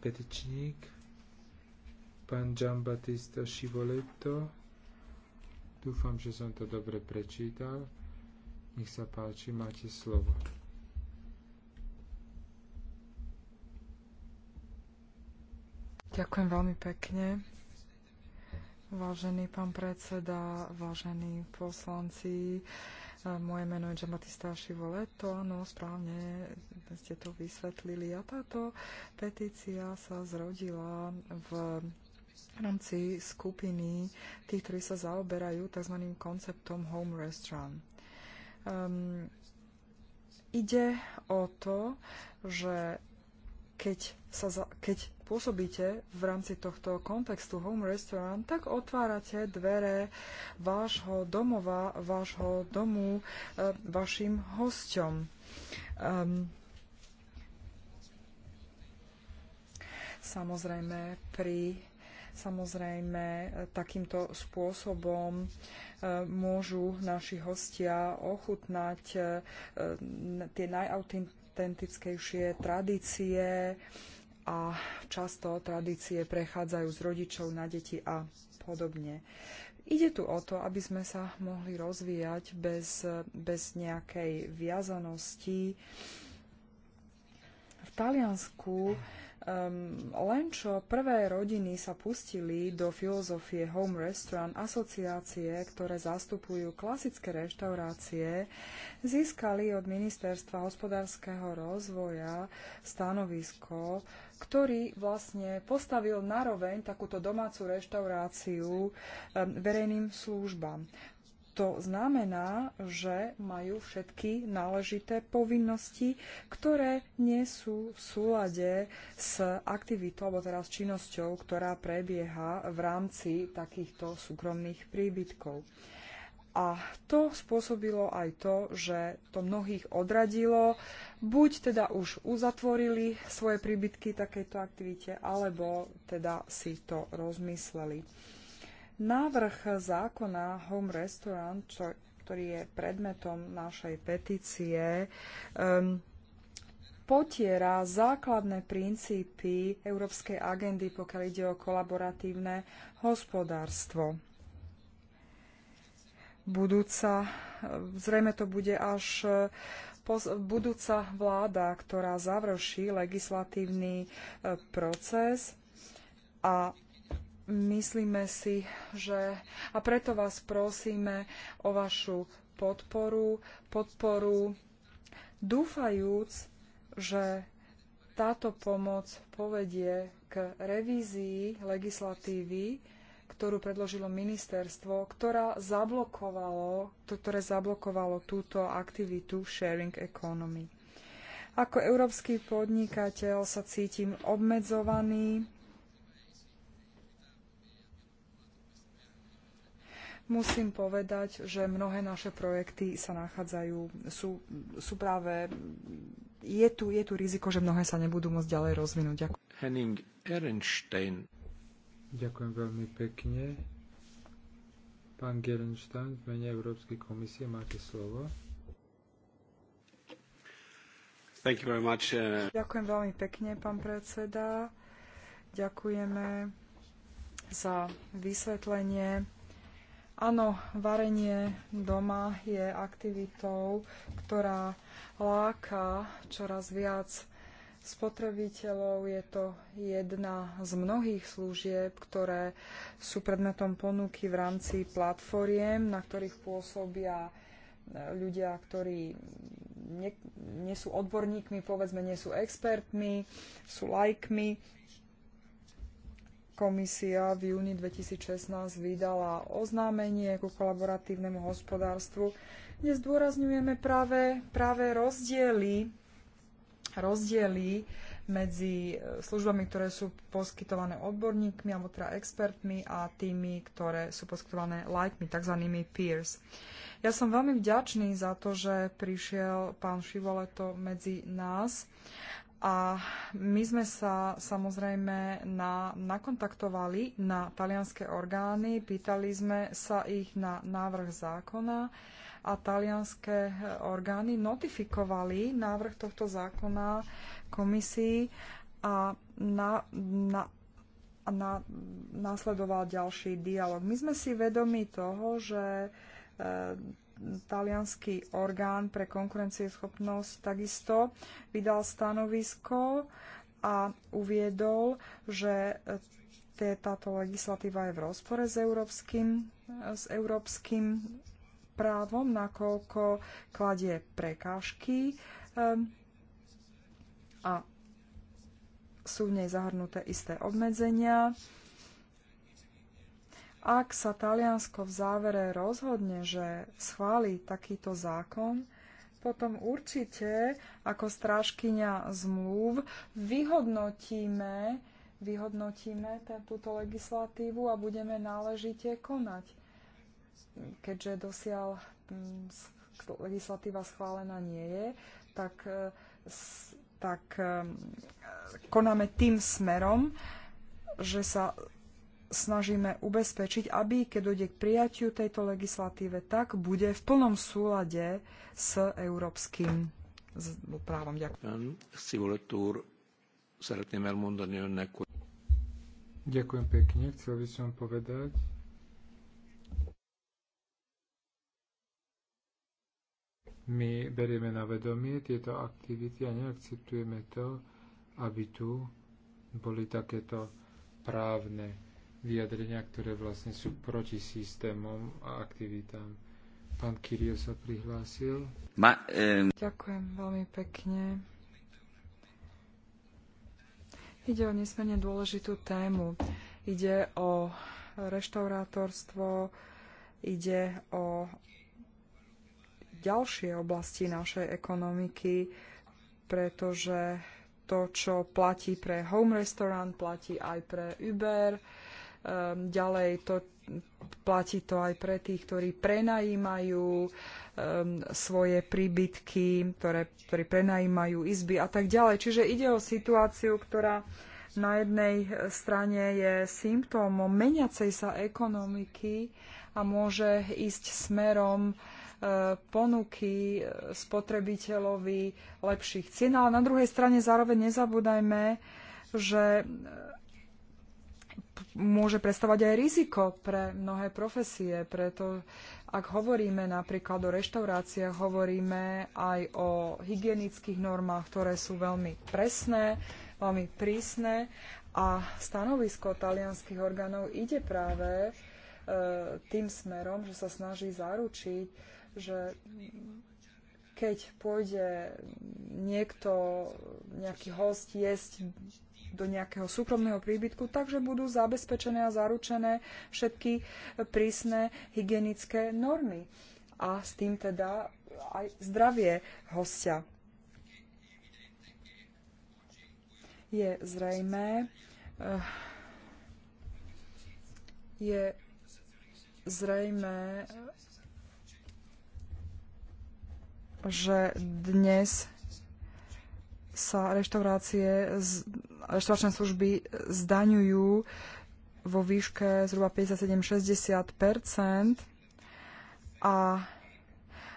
Petičník pán Giambattista Šivoletto. Dúfam, že som to dobre prečítal. Nech sa páči, máte slovo. Ďakujem veľmi pekne. Vážený pán predseda, vážení poslanci, e, moje meno je Giambattista Šivoleto, áno, správne ste to vysvetlili. A táto petícia sa zrodila v rámci skupiny tých, ktorí sa zaoberajú tzv. konceptom home restaurant. Um, ide o to, že keď, sa za, keď pôsobíte v rámci tohto kontextu home restaurant, tak otvárate dvere vášho domova, vášho domu e, vašim hosťom. Um, samozrejme pri Samozrejme, e, takýmto spôsobom e, môžu naši hostia ochutnať e, tie najautentické autentickejšie tradície a často tradície prechádzajú z rodičov na deti a podobne. Ide tu o to, aby sme sa mohli rozvíjať bez, bez nejakej viazanosti. V Taliansku Um, len čo prvé rodiny sa pustili do filozofie Home Restaurant asociácie, ktoré zastupujú klasické reštaurácie, získali od Ministerstva hospodárskeho rozvoja stanovisko, ktorý vlastne postavil naroveň takúto domácu reštauráciu um, verejným službám. To znamená, že majú všetky náležité povinnosti, ktoré nie sú v súlade s aktivitou, alebo teraz činnosťou, ktorá prebieha v rámci takýchto súkromných príbytkov. A to spôsobilo aj to, že to mnohých odradilo, buď teda už uzatvorili svoje príbytky takejto aktivite, alebo teda si to rozmysleli. Návrh zákona Home Restaurant, čo, ktorý je predmetom našej petície, um, potiera základné princípy Európskej agendy, pokiaľ ide o kolaboratívne hospodárstvo. Budúca, zrejme to bude až eh, budúca vláda, ktorá završí legislatívny eh, proces a myslíme si, že a preto vás prosíme o vašu podporu, podporu dúfajúc, že táto pomoc povedie k revízii legislatívy, ktorú predložilo ministerstvo, ktorá zablokovalo, ktoré zablokovalo túto aktivitu sharing economy. Ako európsky podnikateľ sa cítim obmedzovaný, musím povedať, že mnohé naše projekty sa nachádzajú, sú, sú práve, je tu, je tu riziko, že mnohé sa nebudú môcť ďalej rozvinúť. Ďakujem. Henning Ehrenstein. Ďakujem veľmi pekne. Pán Gerenstein, v mene Európskej komisie máte slovo. Thank you very much. Uh, Ďakujem veľmi pekne, pán predseda. Ďakujeme za vysvetlenie Áno, varenie doma je aktivitou, ktorá láka čoraz viac spotrebiteľov. Je to jedna z mnohých služieb, ktoré sú predmetom ponuky v rámci platformiem, na ktorých pôsobia e, ľudia, ktorí nie, nie sú odborníkmi, povedzme, nie sú expertmi, sú lajkmi Komisia v júni 2016 vydala oznámenie ku kolaboratívnemu hospodárstvu, kde zdôrazňujeme práve, práve rozdiely, rozdiely medzi e, službami, ktoré sú poskytované odborníkmi alebo teda expertmi a tými, ktoré sú poskytované likemi, tzv. peers. Ja som veľmi vďačný za to, že prišiel pán Šivoleto medzi nás a my sme sa samozrejme na, nakontaktovali na talianské orgány, pýtali sme sa ich na návrh zákona a talianské eh, orgány notifikovali návrh tohto zákona komisii a na, na, na, nasledoval ďalší dialog. My sme si vedomi toho, že eh, talianský orgán pre konkurencieschopnosť takisto vydal stanovisko a uviedol, že táto legislatíva je v rozpore s európskym, s európskym právom, nakoľko kladie prekážky ehm, a sú v nej zahrnuté isté obmedzenia. Ak sa Taliansko v závere rozhodne, že schváli takýto zákon, potom určite ako strážkyňa zmluv vyhodnotíme, vyhodnotíme túto legislatívu a budeme náležite konať. Keďže dosiaľ mm, legislatíva schválená nie je, tak, e, tak e, konáme tým smerom, že sa snažíme ubezpečiť, aby keď dojde k prijatiu tejto legislatíve, tak bude v plnom súlade s európskym no, právom. Ďakujem. Ďakujem pekne. Chcel by som povedať, my berieme na vedomie tieto aktivity a neakceptujeme to, aby tu boli takéto právne vyjadrenia, ktoré vlastne sú proti systémom a aktivitám. Pán Kirio sa prihlásil. Ma, um... Ďakujem veľmi pekne. Ide o nesmierne dôležitú tému. Ide o reštaurátorstvo, ide o ďalšie oblasti našej ekonomiky, pretože to, čo platí pre home restaurant, platí aj pre Uber Ehm, ďalej to platí to aj pre tých, ktorí prenajímajú um, svoje príbytky, ktoré, ktorí prenajímajú izby a tak ďalej. Čiže ide o situáciu, ktorá na jednej e, strane je symptómom meniacej sa ekonomiky a môže ísť smerom e, ponuky e, spotrebiteľovi lepších cien. Ale na druhej strane zároveň nezabúdajme, že môže predstavovať aj riziko pre mnohé profesie, preto ak hovoríme napríklad o reštauráciách, hovoríme aj o hygienických normách, ktoré sú veľmi presné, veľmi prísne a stanovisko talianských orgánov ide práve e, tým smerom, že sa snaží zaručiť, že keď pôjde niekto, nejaký host jesť do nejakého súkromného príbytku, takže budú zabezpečené a zaručené všetky prísne hygienické normy a s tým teda aj zdravie hostia. Je zrejmé, eh, je zrejmé, že dnes sa reštaurácie, reštauračné služby zdaňujú vo výške zhruba 57-60 a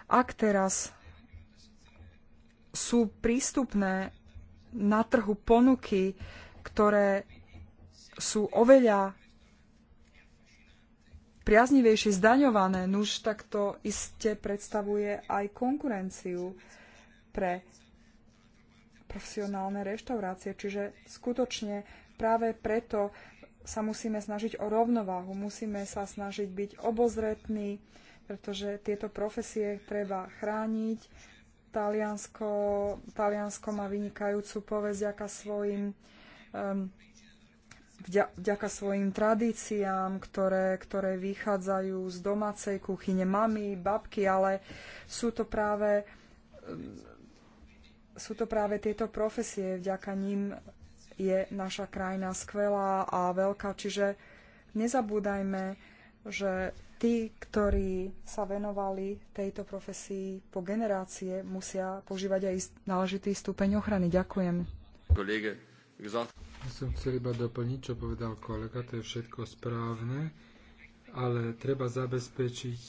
ak teraz sú prístupné na trhu ponuky, ktoré sú oveľa priaznivejšie zdaňované, nuž tak to iste predstavuje aj konkurenciu pre profesionálne reštaurácie. Čiže skutočne práve preto sa musíme snažiť o rovnováhu, musíme sa snažiť byť obozretní, pretože tieto profesie treba chrániť. Taliansko, Taliansko má vynikajúcu povesť vďaka svojim, um, vďaka svojim tradíciám, ktoré, ktoré vychádzajú z domácej kuchyne mami, babky, ale sú to práve um, sú to práve tieto profesie, vďaka ním je naša krajina skvelá a veľká, čiže nezabúdajme, že tí, ktorí sa venovali tejto profesii po generácie, musia požívať aj náležitý stupeň ochrany. Ďakujem. Kolege, ja som chcel iba doplniť, čo povedal kolega, to je všetko správne, ale treba zabezpečiť,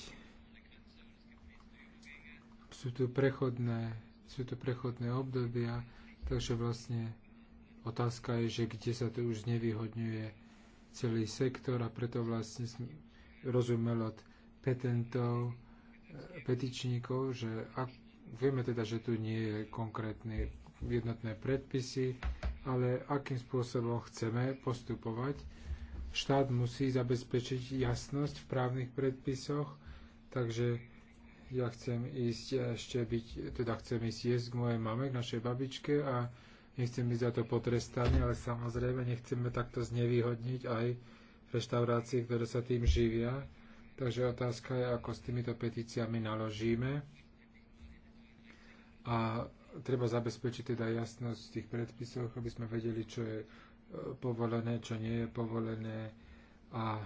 sú tu prechodné sú to prechodné obdobia, takže vlastne otázka je, že kde sa to už znevýhodňuje celý sektor a preto vlastne rozumel od petentov, eh, petičníkov, že ak, vieme teda, že tu nie je konkrétne jednotné predpisy, ale akým spôsobom chceme postupovať. Štát musí zabezpečiť jasnosť v právnych predpisoch, takže ja chcem ísť eh, ešte byť, teda chcem ísť jesť k mojej mame, k našej babičke a nechcem byť za to potrestaný, ale samozrejme nechceme takto znevýhodniť aj reštaurácie, ktoré sa tým živia. Takže otázka je, ako s týmito petíciami naložíme. A treba zabezpečiť teda jasnosť v tých predpisoch, aby sme vedeli, čo je eh, povolené, čo nie je povolené a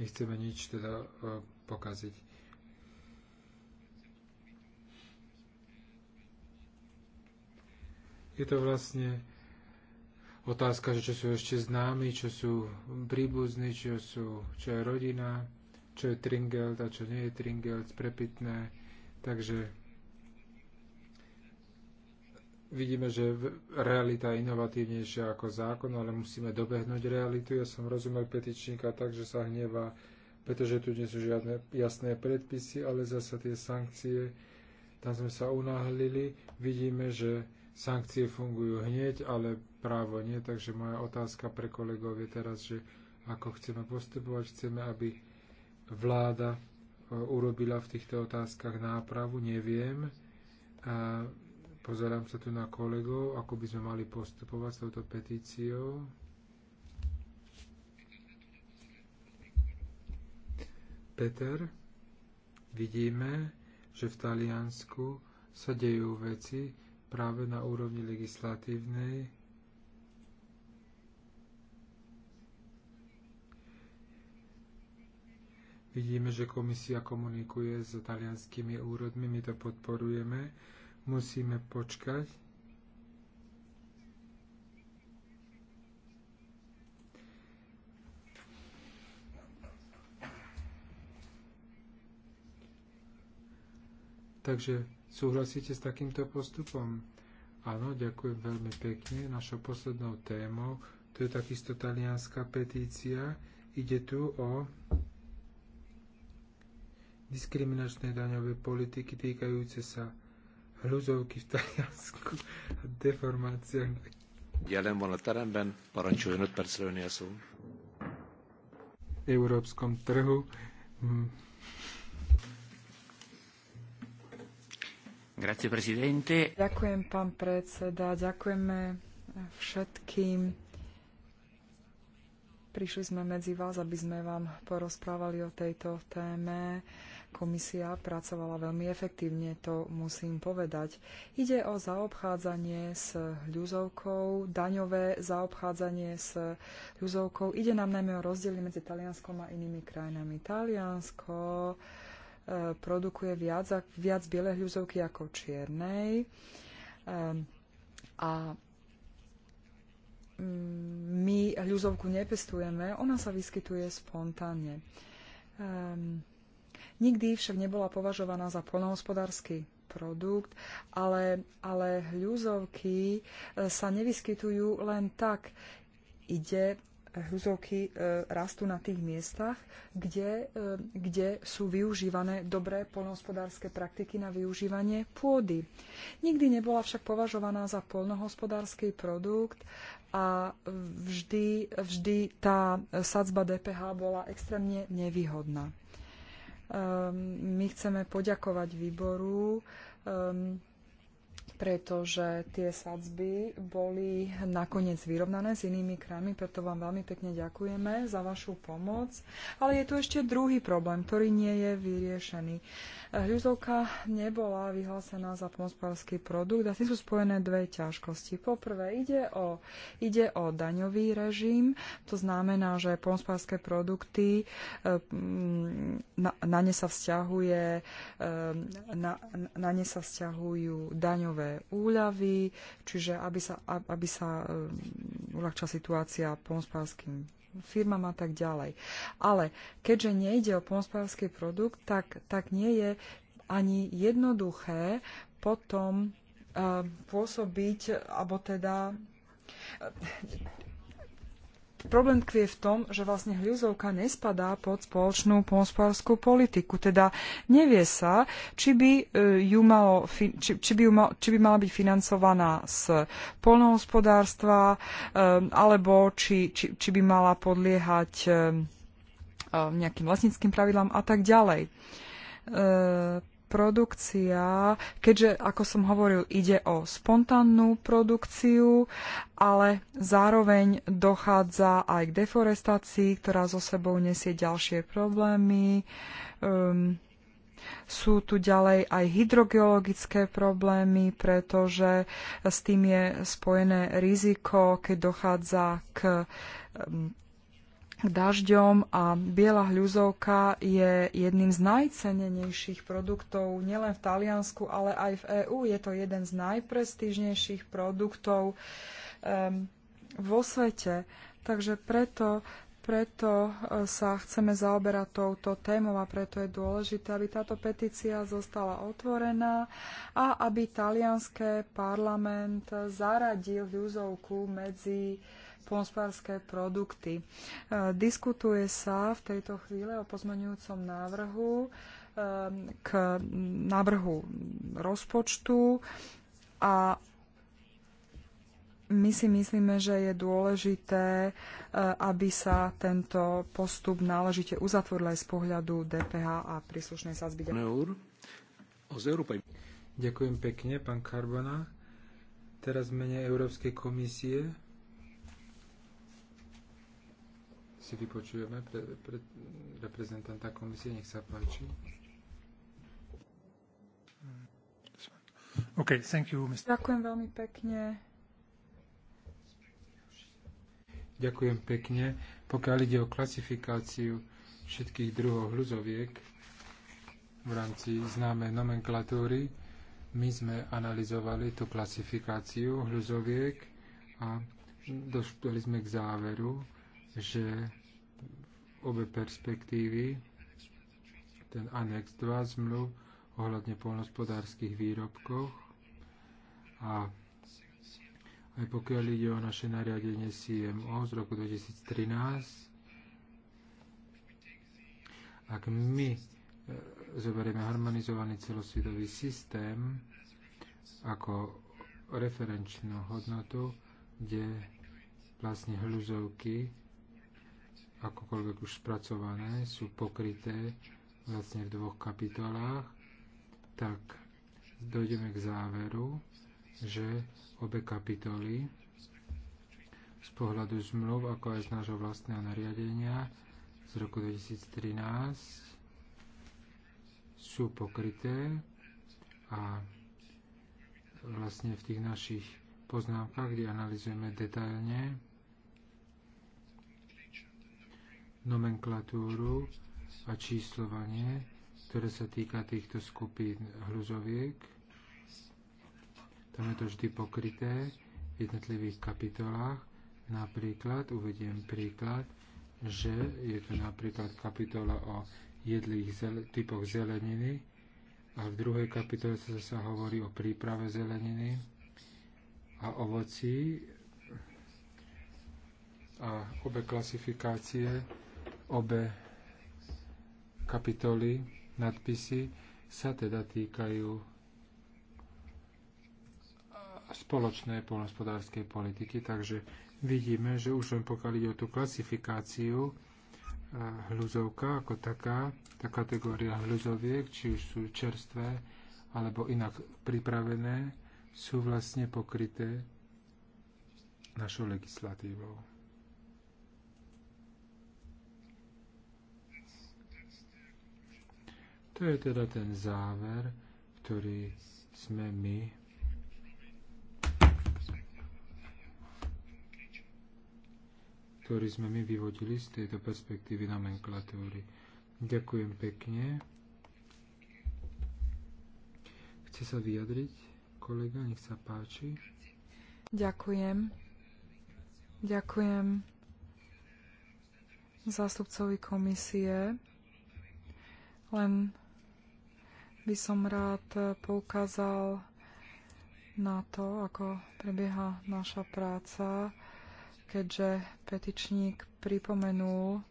nechceme nič teda eh, pokaziť. Je to vlastne otázka, že čo sú ešte známi, čo sú príbuzní, čo, sú, čo je rodina, čo je Tringelt a čo nie je Tringelt, prepitné. Takže vidíme, že realita je inovatívnejšia ako zákon, ale musíme dobehnúť realitu. Ja som rozumel petičníka tak, že sa hnevá, pretože tu nie sú žiadne jasné predpisy, ale zasa tie sankcie, tam sme sa unáhlili. Vidíme, že sankcie fungujú hneď, ale právo nie. Takže moja otázka pre kolegov je teraz, že ako chceme postupovať, chceme, aby vláda e, urobila v týchto otázkach nápravu, neviem. A pozerám sa tu na kolegov, ako by sme mali postupovať s touto petíciou. Peter, vidíme, že v Taliansku sa dejú veci, práve na úrovni legislatívnej. Vidíme, že komisia komunikuje s talianskými úrodmi, my to podporujeme. Musíme počkať. Takže Súhlasíte s takýmto postupom? Áno, ďakujem veľmi pekne. Našou poslednou témou, to je takisto talianská petícia, ide tu o diskriminačné daňové politiky týkajúce sa hľuzovky v Taliansku a deformácia. Jelen van a teremben, parancsoljon 5 percre a szó. Európskom trhu hm. Ďakujem, pán predseda. Ďakujeme všetkým. Prišli sme medzi vás, aby sme vám porozprávali o tejto téme. Komisia pracovala veľmi efektívne, to musím povedať. Ide o zaobchádzanie s ľuzovkou, daňové zaobchádzanie s ľuzovkou. Ide nám najmä o rozdiely medzi Talianskom a inými krajinami. Taliansko Eh, produkuje viac, viac bielej hľuzovky ako čiernej. Ehm, a mm, my hľuzovku nepestujeme, ona sa vyskytuje spontánne. Ehm, nikdy však nebola považovaná za polnohospodársky produkt, ale, ale hľuzovky eh, sa nevyskytujú len tak. Ide Hruzovky e, rastú na tých miestach, kde, e, kde sú využívané dobré poľnohospodárske praktiky na využívanie pôdy. Nikdy nebola však považovaná za poľnohospodársky produkt a vždy, vždy tá sadzba DPH bola extrémne nevýhodná. Ehm, my chceme poďakovať výboru ehm, pretože tie sadzby boli nakoniec vyrovnané s inými krajmi, preto vám veľmi pekne ďakujeme za vašu pomoc. Ale je tu ešte druhý problém, ktorý nie je vyriešený. Hľuzovka nebola vyhlásená za pomospársky produkt a s tým sú spojené dve ťažkosti. Poprvé, ide o, ide o daňový režim, to znamená, že pomospárske produkty eh, na, na ne sa vzťahuje eh, na, na ne sa vzťahujú daňové daňové úľavy, čiže aby sa, aby sa um, uľahčila situácia pomospárským firmám a tak ďalej. Ale keďže nejde o pomospárský produkt, tak, tak nie je ani jednoduché potom um, pôsobiť, alebo teda Problém tkvie v tom, že vlastne hľuzovka nespadá pod spoločnú pohospodárskú politiku. Teda nevie sa, či by, e, ju malo, či, či by, ju mal, či by mala byť financovaná z polnohospodárstva, e, alebo či, či, či by mala podliehať e, nejakým vlastníckým pravidlám a tak ďalej produkcia, keďže, ako som hovoril, ide o spontánnu produkciu, ale zároveň dochádza aj k deforestácii, ktorá so sebou nesie ďalšie problémy. Um, sú tu ďalej aj hydrogeologické problémy, pretože s tým je spojené riziko, keď dochádza k ehm, dažďom a biela hľuzovka je jedným z najcenenejších produktov nielen v Taliansku, ale aj v EÚ. Je to jeden z najprestížnejších produktov um, vo svete. Takže preto, preto e, sa chceme zaoberať touto témou a preto je dôležité, aby táto petícia zostala otvorená a aby talianské parlament zaradil hľuzovku medzi uh, polnospodárske produkty. E, diskutuje sa v tejto chvíle o pozmenujúcom návrhu e, k návrhu rozpočtu a my si myslíme, že je dôležité, e, aby sa tento postup náležite uzatvoril aj z pohľadu DPH a príslušnej sázby. Ďakujem pekne, pán Karbona. Teraz mene Európskej komisie si vypočujeme pre, pre reprezentanta komisie. Nech sa páči. Okay, thank you, Mr. Ďakujem veľmi pekne. Ďakujem pekne. Pokiaľ ide o klasifikáciu všetkých druhov hľuzoviek v rámci známej nomenklatúry, my sme analyzovali tú klasifikáciu hľuzoviek a došli sme k záveru, že obe perspektívy, ten anex 2 zmluv ohľadne polnospodárských výrobkov a aj pokiaľ ide o naše nariadenie CMO z roku 2013, ak my e, zoberieme harmonizovaný celosvetový systém ako referenčnú hodnotu, kde vlastne hľuzovky akokoľvek už spracované, sú pokryté vlastne v dvoch kapitolách, tak dojdeme k záveru, že obe kapitoly z pohľadu zmluv, ako aj z nášho vlastného nariadenia z roku 2013 sú pokryté a vlastne v tých našich poznámkach, kde analizujeme detailne nomenklatúru a číslovanie, ktoré sa týka týchto skupín hruzoviek. Tam je to vždy pokryté v jednotlivých kapitolách. Napríklad, uvediem príklad, že je tu napríklad kapitola o jedlých zel- typoch zeleniny a v druhej kapitole sa zase hovorí o príprave zeleniny a ovocí a obe klasifikácie Obe kapitoly, nadpisy sa teda týkajú spoločnej poľnohospodárskej politiky, takže vidíme, že už len pokiaľ ide o tú klasifikáciu eh, hľuzovka ako taká, tá kategória hľuzoviek, či už sú čerstvé alebo inak pripravené, sú vlastne pokryté našou legislatívou. To je teda ten záver, ktorý sme my ktorý sme my vyvodili z tejto perspektívy nomenklatúry. Ďakujem pekne. Chce sa vyjadriť kolega? Nech sa páči. Ďakujem. Ďakujem zástupcovi komisie. Len by som rád poukázal na to, ako prebieha naša práca, keďže petičník pripomenul,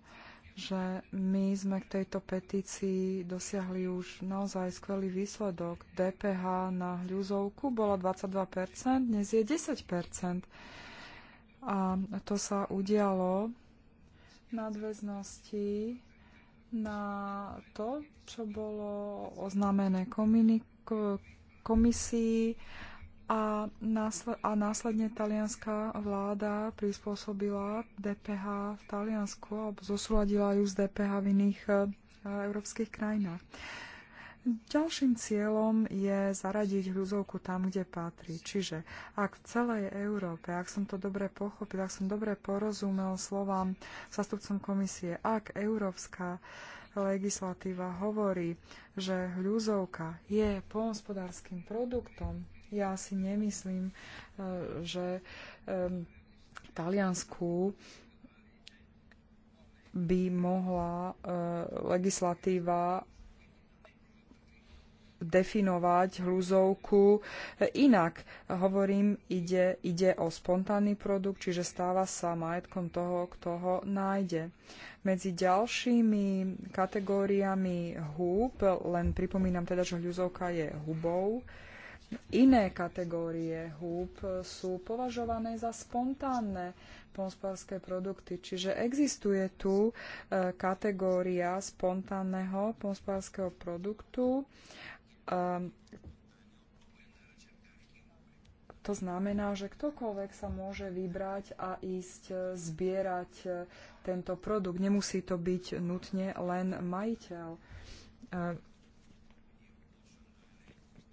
že my sme k tejto petícii dosiahli už naozaj skvelý výsledok. DPH na hľuzovku bola 22%, dnes je 10%. A to sa udialo v nadväznosti na to, čo bolo oznámené komisii a, násled, a následne talianská vláda prispôsobila DPH v Taliansku a zosúladila ju z DPH v iných eh, európskych krajinách. Ďalším cieľom je zaradiť hľuzovku tam, kde patrí. Čiže ak v celej Európe, ak som to dobre pochopil, ak som dobre porozumel slovám zastupcom komisie, ak európska legislatíva hovorí, že hľuzovka je polnospodárským produktom, ja si nemyslím, e, že v e, Taliansku by mohla e, legislatíva definovať hluzovku e, inak. Hovorím, ide, ide o spontánny produkt, čiže stáva sa majetkom toho, kto ho nájde. Medzi ďalšími kategóriami húb, len pripomínam teda, že hľuzovka je hubou, Iné kategórie húb sú považované za spontánne pomospárske produkty, čiže existuje tu e, kategória spontánneho pomospárskeho produktu Um, to znamená, že ktokoľvek sa môže vybrať a ísť e, zbierať e, tento produkt. Nemusí to byť nutne len majiteľ e,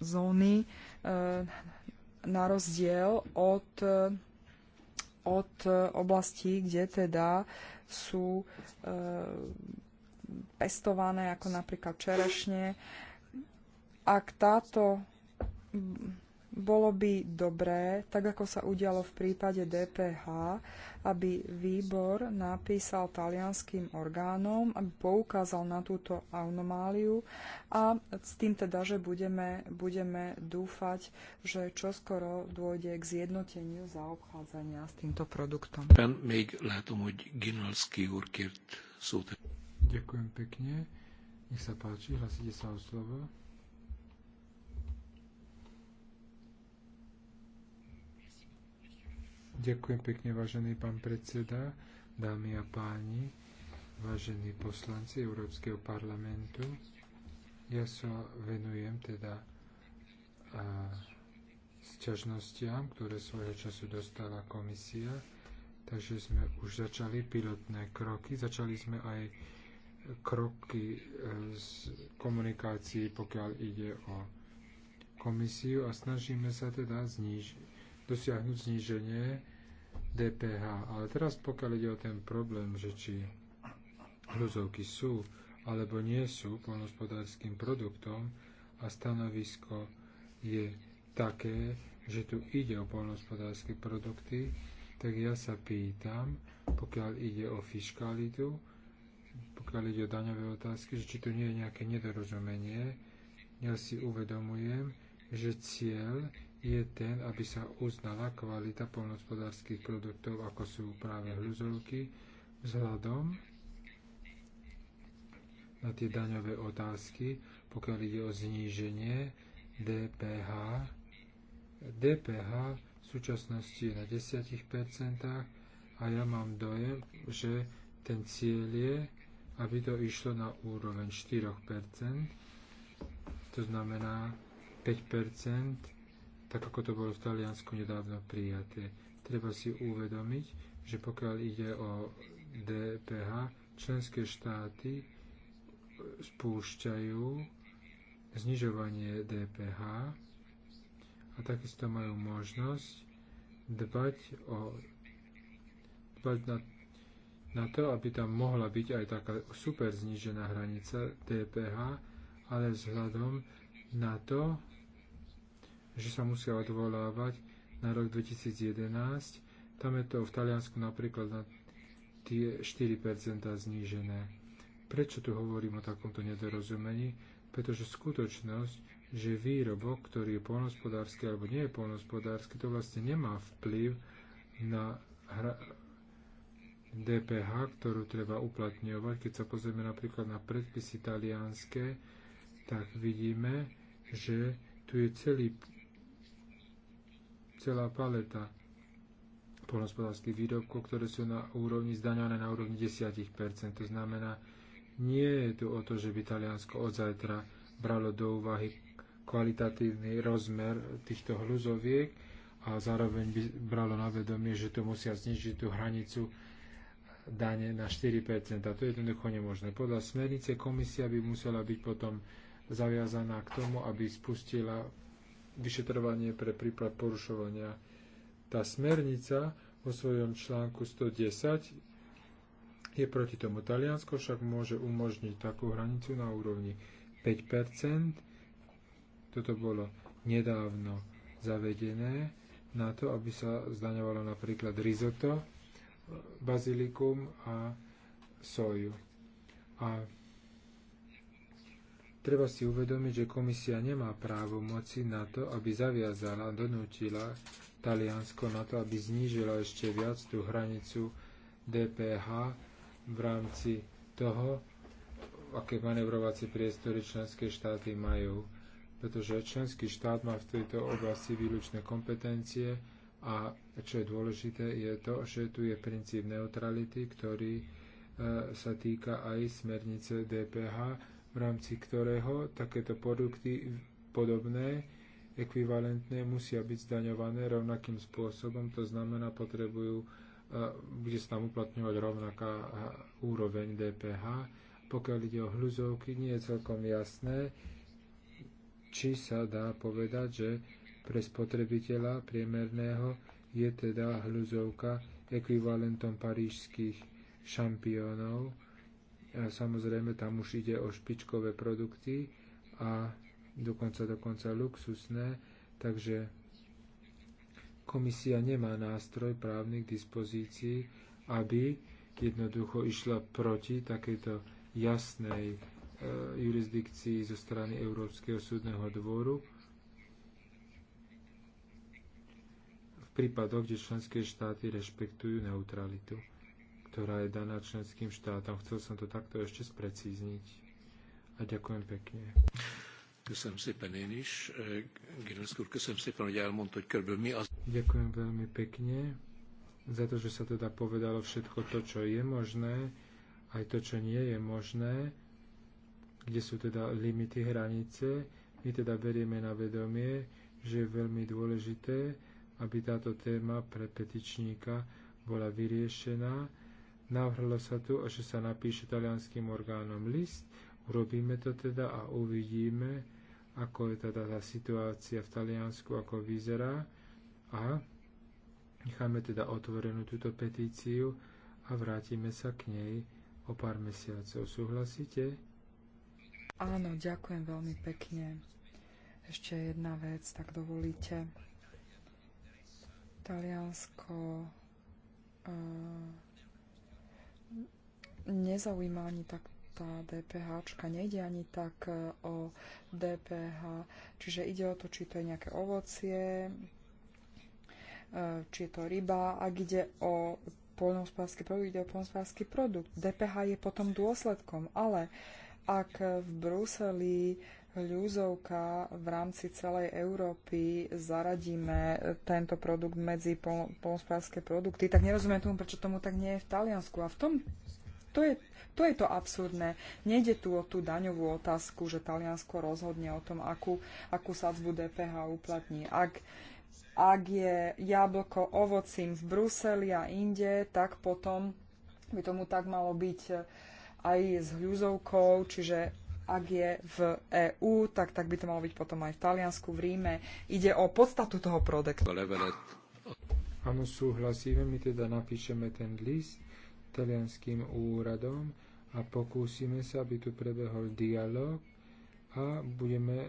zóny na rozdiel od, od oblastí, kde teda sú pestované, ako napríklad čerešne, ak táto bolo by dobré, tak ako sa udialo v prípade DPH, aby výbor napísal talianským orgánom, aby poukázal na túto anomáliu a s tým teda, že budeme, budeme dúfať, že čoskoro dôjde k zjednoteniu zaobchádzania s týmto produktom. Ďakujem pekne. Nech sa páči, hlasíte sa o slovo. Ďakujem pekne, vážený pán predseda, dámy a páni, vážení poslanci Európskeho parlamentu. Ja sa venujem teda a, sťažnostiam, ktoré svojho času dostala komisia. Takže sme už začali pilotné kroky. Začali sme aj kroky e, z komunikácií, pokiaľ ide o komisiu a snažíme sa teda znižiť dosiahnuť zníženie DPH. Ale teraz pokiaľ ide o ten problém, že či hľuzovky sú alebo nie sú poľnohospodárským produktom a stanovisko je také, že tu ide o poľnohospodárske produkty, tak ja sa pýtam, pokiaľ ide o fiskalitu, pokiaľ ide o daňové otázky, že či tu nie je nejaké nedorozumenie. Ja si uvedomujem, že cieľ je ten, aby sa uznala kvalita polnospodárských produktov, ako sú práve hľuzovky, vzhľadom na tie daňové otázky, pokiaľ ide o zníženie DPH. DPH v súčasnosti je na 10% a ja mám dojem, že ten cieľ je, aby to išlo na úroveň 4%, to znamená 5% tak ako to bolo v Taliansku nedávno prijaté. Treba si uvedomiť, že pokiaľ ide o DPH, členské štáty spúšťajú znižovanie DPH a takisto majú možnosť dbať, o, dbať na, na to, aby tam mohla byť aj taká super znížená hranica DPH, ale vzhľadom na to, že sa musia odvolávať na rok 2011. Tam je to v Taliansku napríklad na tie 4% znížené. Prečo tu hovorím o takomto nedorozumení? Pretože skutočnosť, že výrobok, ktorý je polnospodársky alebo nie je polnospodársky, to vlastne nemá vplyv na hra... DPH, ktorú treba uplatňovať. Keď sa pozrieme napríklad na predpisy talianské, tak vidíme, že tu je celý celá paleta polnospodárských výrobkov, ktoré sú na úrovni zdaňované na úrovni 10%. To znamená, nie je tu o to, že by Taliansko od zajtra bralo do úvahy kvalitatívny rozmer týchto hľuzoviek a zároveň by bralo na vedomie, že tu musia znižiť tú hranicu dane na 4%. A to je jednoducho nemožné. Podľa smernice komisia by musela byť potom zaviazaná k tomu, aby spustila vyšetrovanie pre prípad porušovania. Tá smernica vo svojom článku 110 je proti tomu. Taliansko však môže umožniť takú hranicu na úrovni 5%. Toto bolo nedávno zavedené na to, aby sa zdaňovalo napríklad risotto, bazilikum a soju. A Treba si uvedomiť, že komisia nemá právo moci na to, aby zaviazala, donútila Taliansko na to, aby znížila ešte viac tú hranicu DPH v rámci toho, aké manevrovacie priestory členské štáty majú. Pretože členský štát má v tejto oblasti výlučné kompetencie a čo je dôležité, je to, že tu je princíp neutrality, ktorý e, sa týka aj smernice DPH v rámci ktorého takéto produkty podobné, ekvivalentné, musia byť zdaňované rovnakým spôsobom, to znamená, potrebujú, e, bude sa tam uplatňovať rovnaká e, úroveň DPH. Pokiaľ ide o hľuzovky, nie je celkom jasné, či sa dá povedať, že pre spotrebiteľa priemerného je teda hľuzovka ekvivalentom parížských šampiónov, Samozrejme, tam už ide o špičkové produkty a dokonca, dokonca luxusné, takže komisia nemá nástroj právny k dispozícii, aby jednoducho išla proti takejto jasnej e, jurisdikcii zo strany Európskeho súdneho dvoru v prípadoch, kde členské štáty rešpektujú neutralitu ktorá je daná členským štátom. Chcel som to takto ešte sprecízniť. A ďakujem pekne. Köszönöm szépen én is. E, Gérenc úr, köszönöm szépen, hogy elmondta, hogy körülbelül mi az. Ďakujem veľmi pekne za to, že sa teda povedalo všetko to, čo je možné, aj to, čo nie je možné, kde sú teda limity, hranice. My teda berieme na vedomie, že je veľmi dôležité, aby táto téma pre petičníka bola vyriešená Navrhlo sa tu, že sa napíše talianským orgánom list, urobíme to teda a uvidíme, ako je teda tá situácia v Taliansku, ako vyzerá a necháme teda otvorenú túto petíciu a vrátime sa k nej o pár mesiacov. Súhlasíte? Áno, ďakujem veľmi pekne. Ešte jedna vec, tak dovolíte. Taliansko nezaujíma ani tak tá DPH, nejde ani tak e, o DPH, čiže ide o to, či to je nejaké ovocie, e, či je to ryba, ak ide o poľnohospodársky produkt, ide o poľnohospodársky produkt. DPH je potom dôsledkom, ale ak v Bruseli ľuzovka v rámci celej Európy zaradíme tento produkt medzi poľnohospodárske produkty, tak nerozumiem tomu, prečo tomu tak nie je v Taliansku. A v tom to je, to je to absurdné. Nejde tu o tú daňovú otázku, že Taliansko rozhodne o tom, akú, akú sadzbu DPH uplatní. Ak, ak je jablko ovocím v Bruseli a inde, tak potom by tomu tak malo byť eh, aj s hľuzovkou, čiže ak je v EÚ, tak, tak by to malo byť potom aj v Taliansku, v Ríme. Ide o podstatu toho produktu. Áno, súhlasíme, my teda napíšeme ten list talianským úradom a pokúsime sa, aby tu prebehol dialog a budeme, e,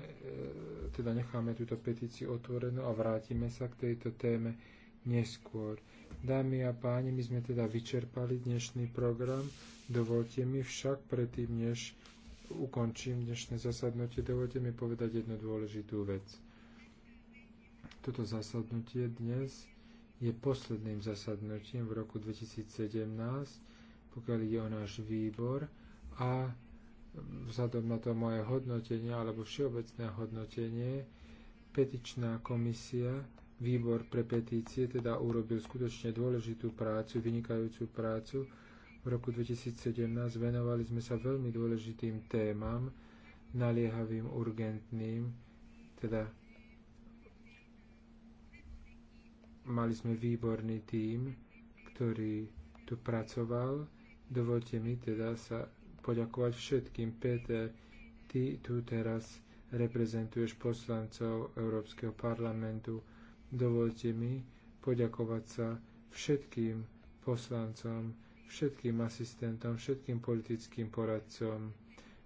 teda necháme túto petíciu otvorenú a vrátime sa k tejto téme neskôr. Dámy a páni, my sme teda vyčerpali dnešný program. Dovolte mi však predtým, než ukončím dnešné zasadnutie, dovolte mi povedať jednu dôležitú vec. Toto zasadnutie dnes je posledným zasadnutím v roku 2017, pokiaľ ide o náš výbor a vzhľadom na to moje hodnotenie alebo všeobecné hodnotenie, petičná komisia, výbor pre petície, teda urobil skutočne dôležitú prácu, vynikajúcu prácu. V roku 2017 venovali sme sa veľmi dôležitým témam, naliehavým, urgentným, teda Mali sme výborný tím, ktorý tu pracoval. Dovolte mi teda sa poďakovať všetkým. Peter, ty tu teraz reprezentuješ poslancov Európskeho parlamentu. Dovolte mi poďakovať sa všetkým poslancom, všetkým asistentom, všetkým politickým poradcom.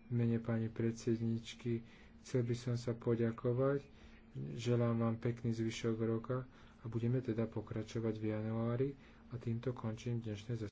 V mene pani predsedničky chcel by som sa poďakovať. Želám vám pekný zvyšok roka a budeme teda pokračovať v januári a týmto končím dnešné zasadnutie.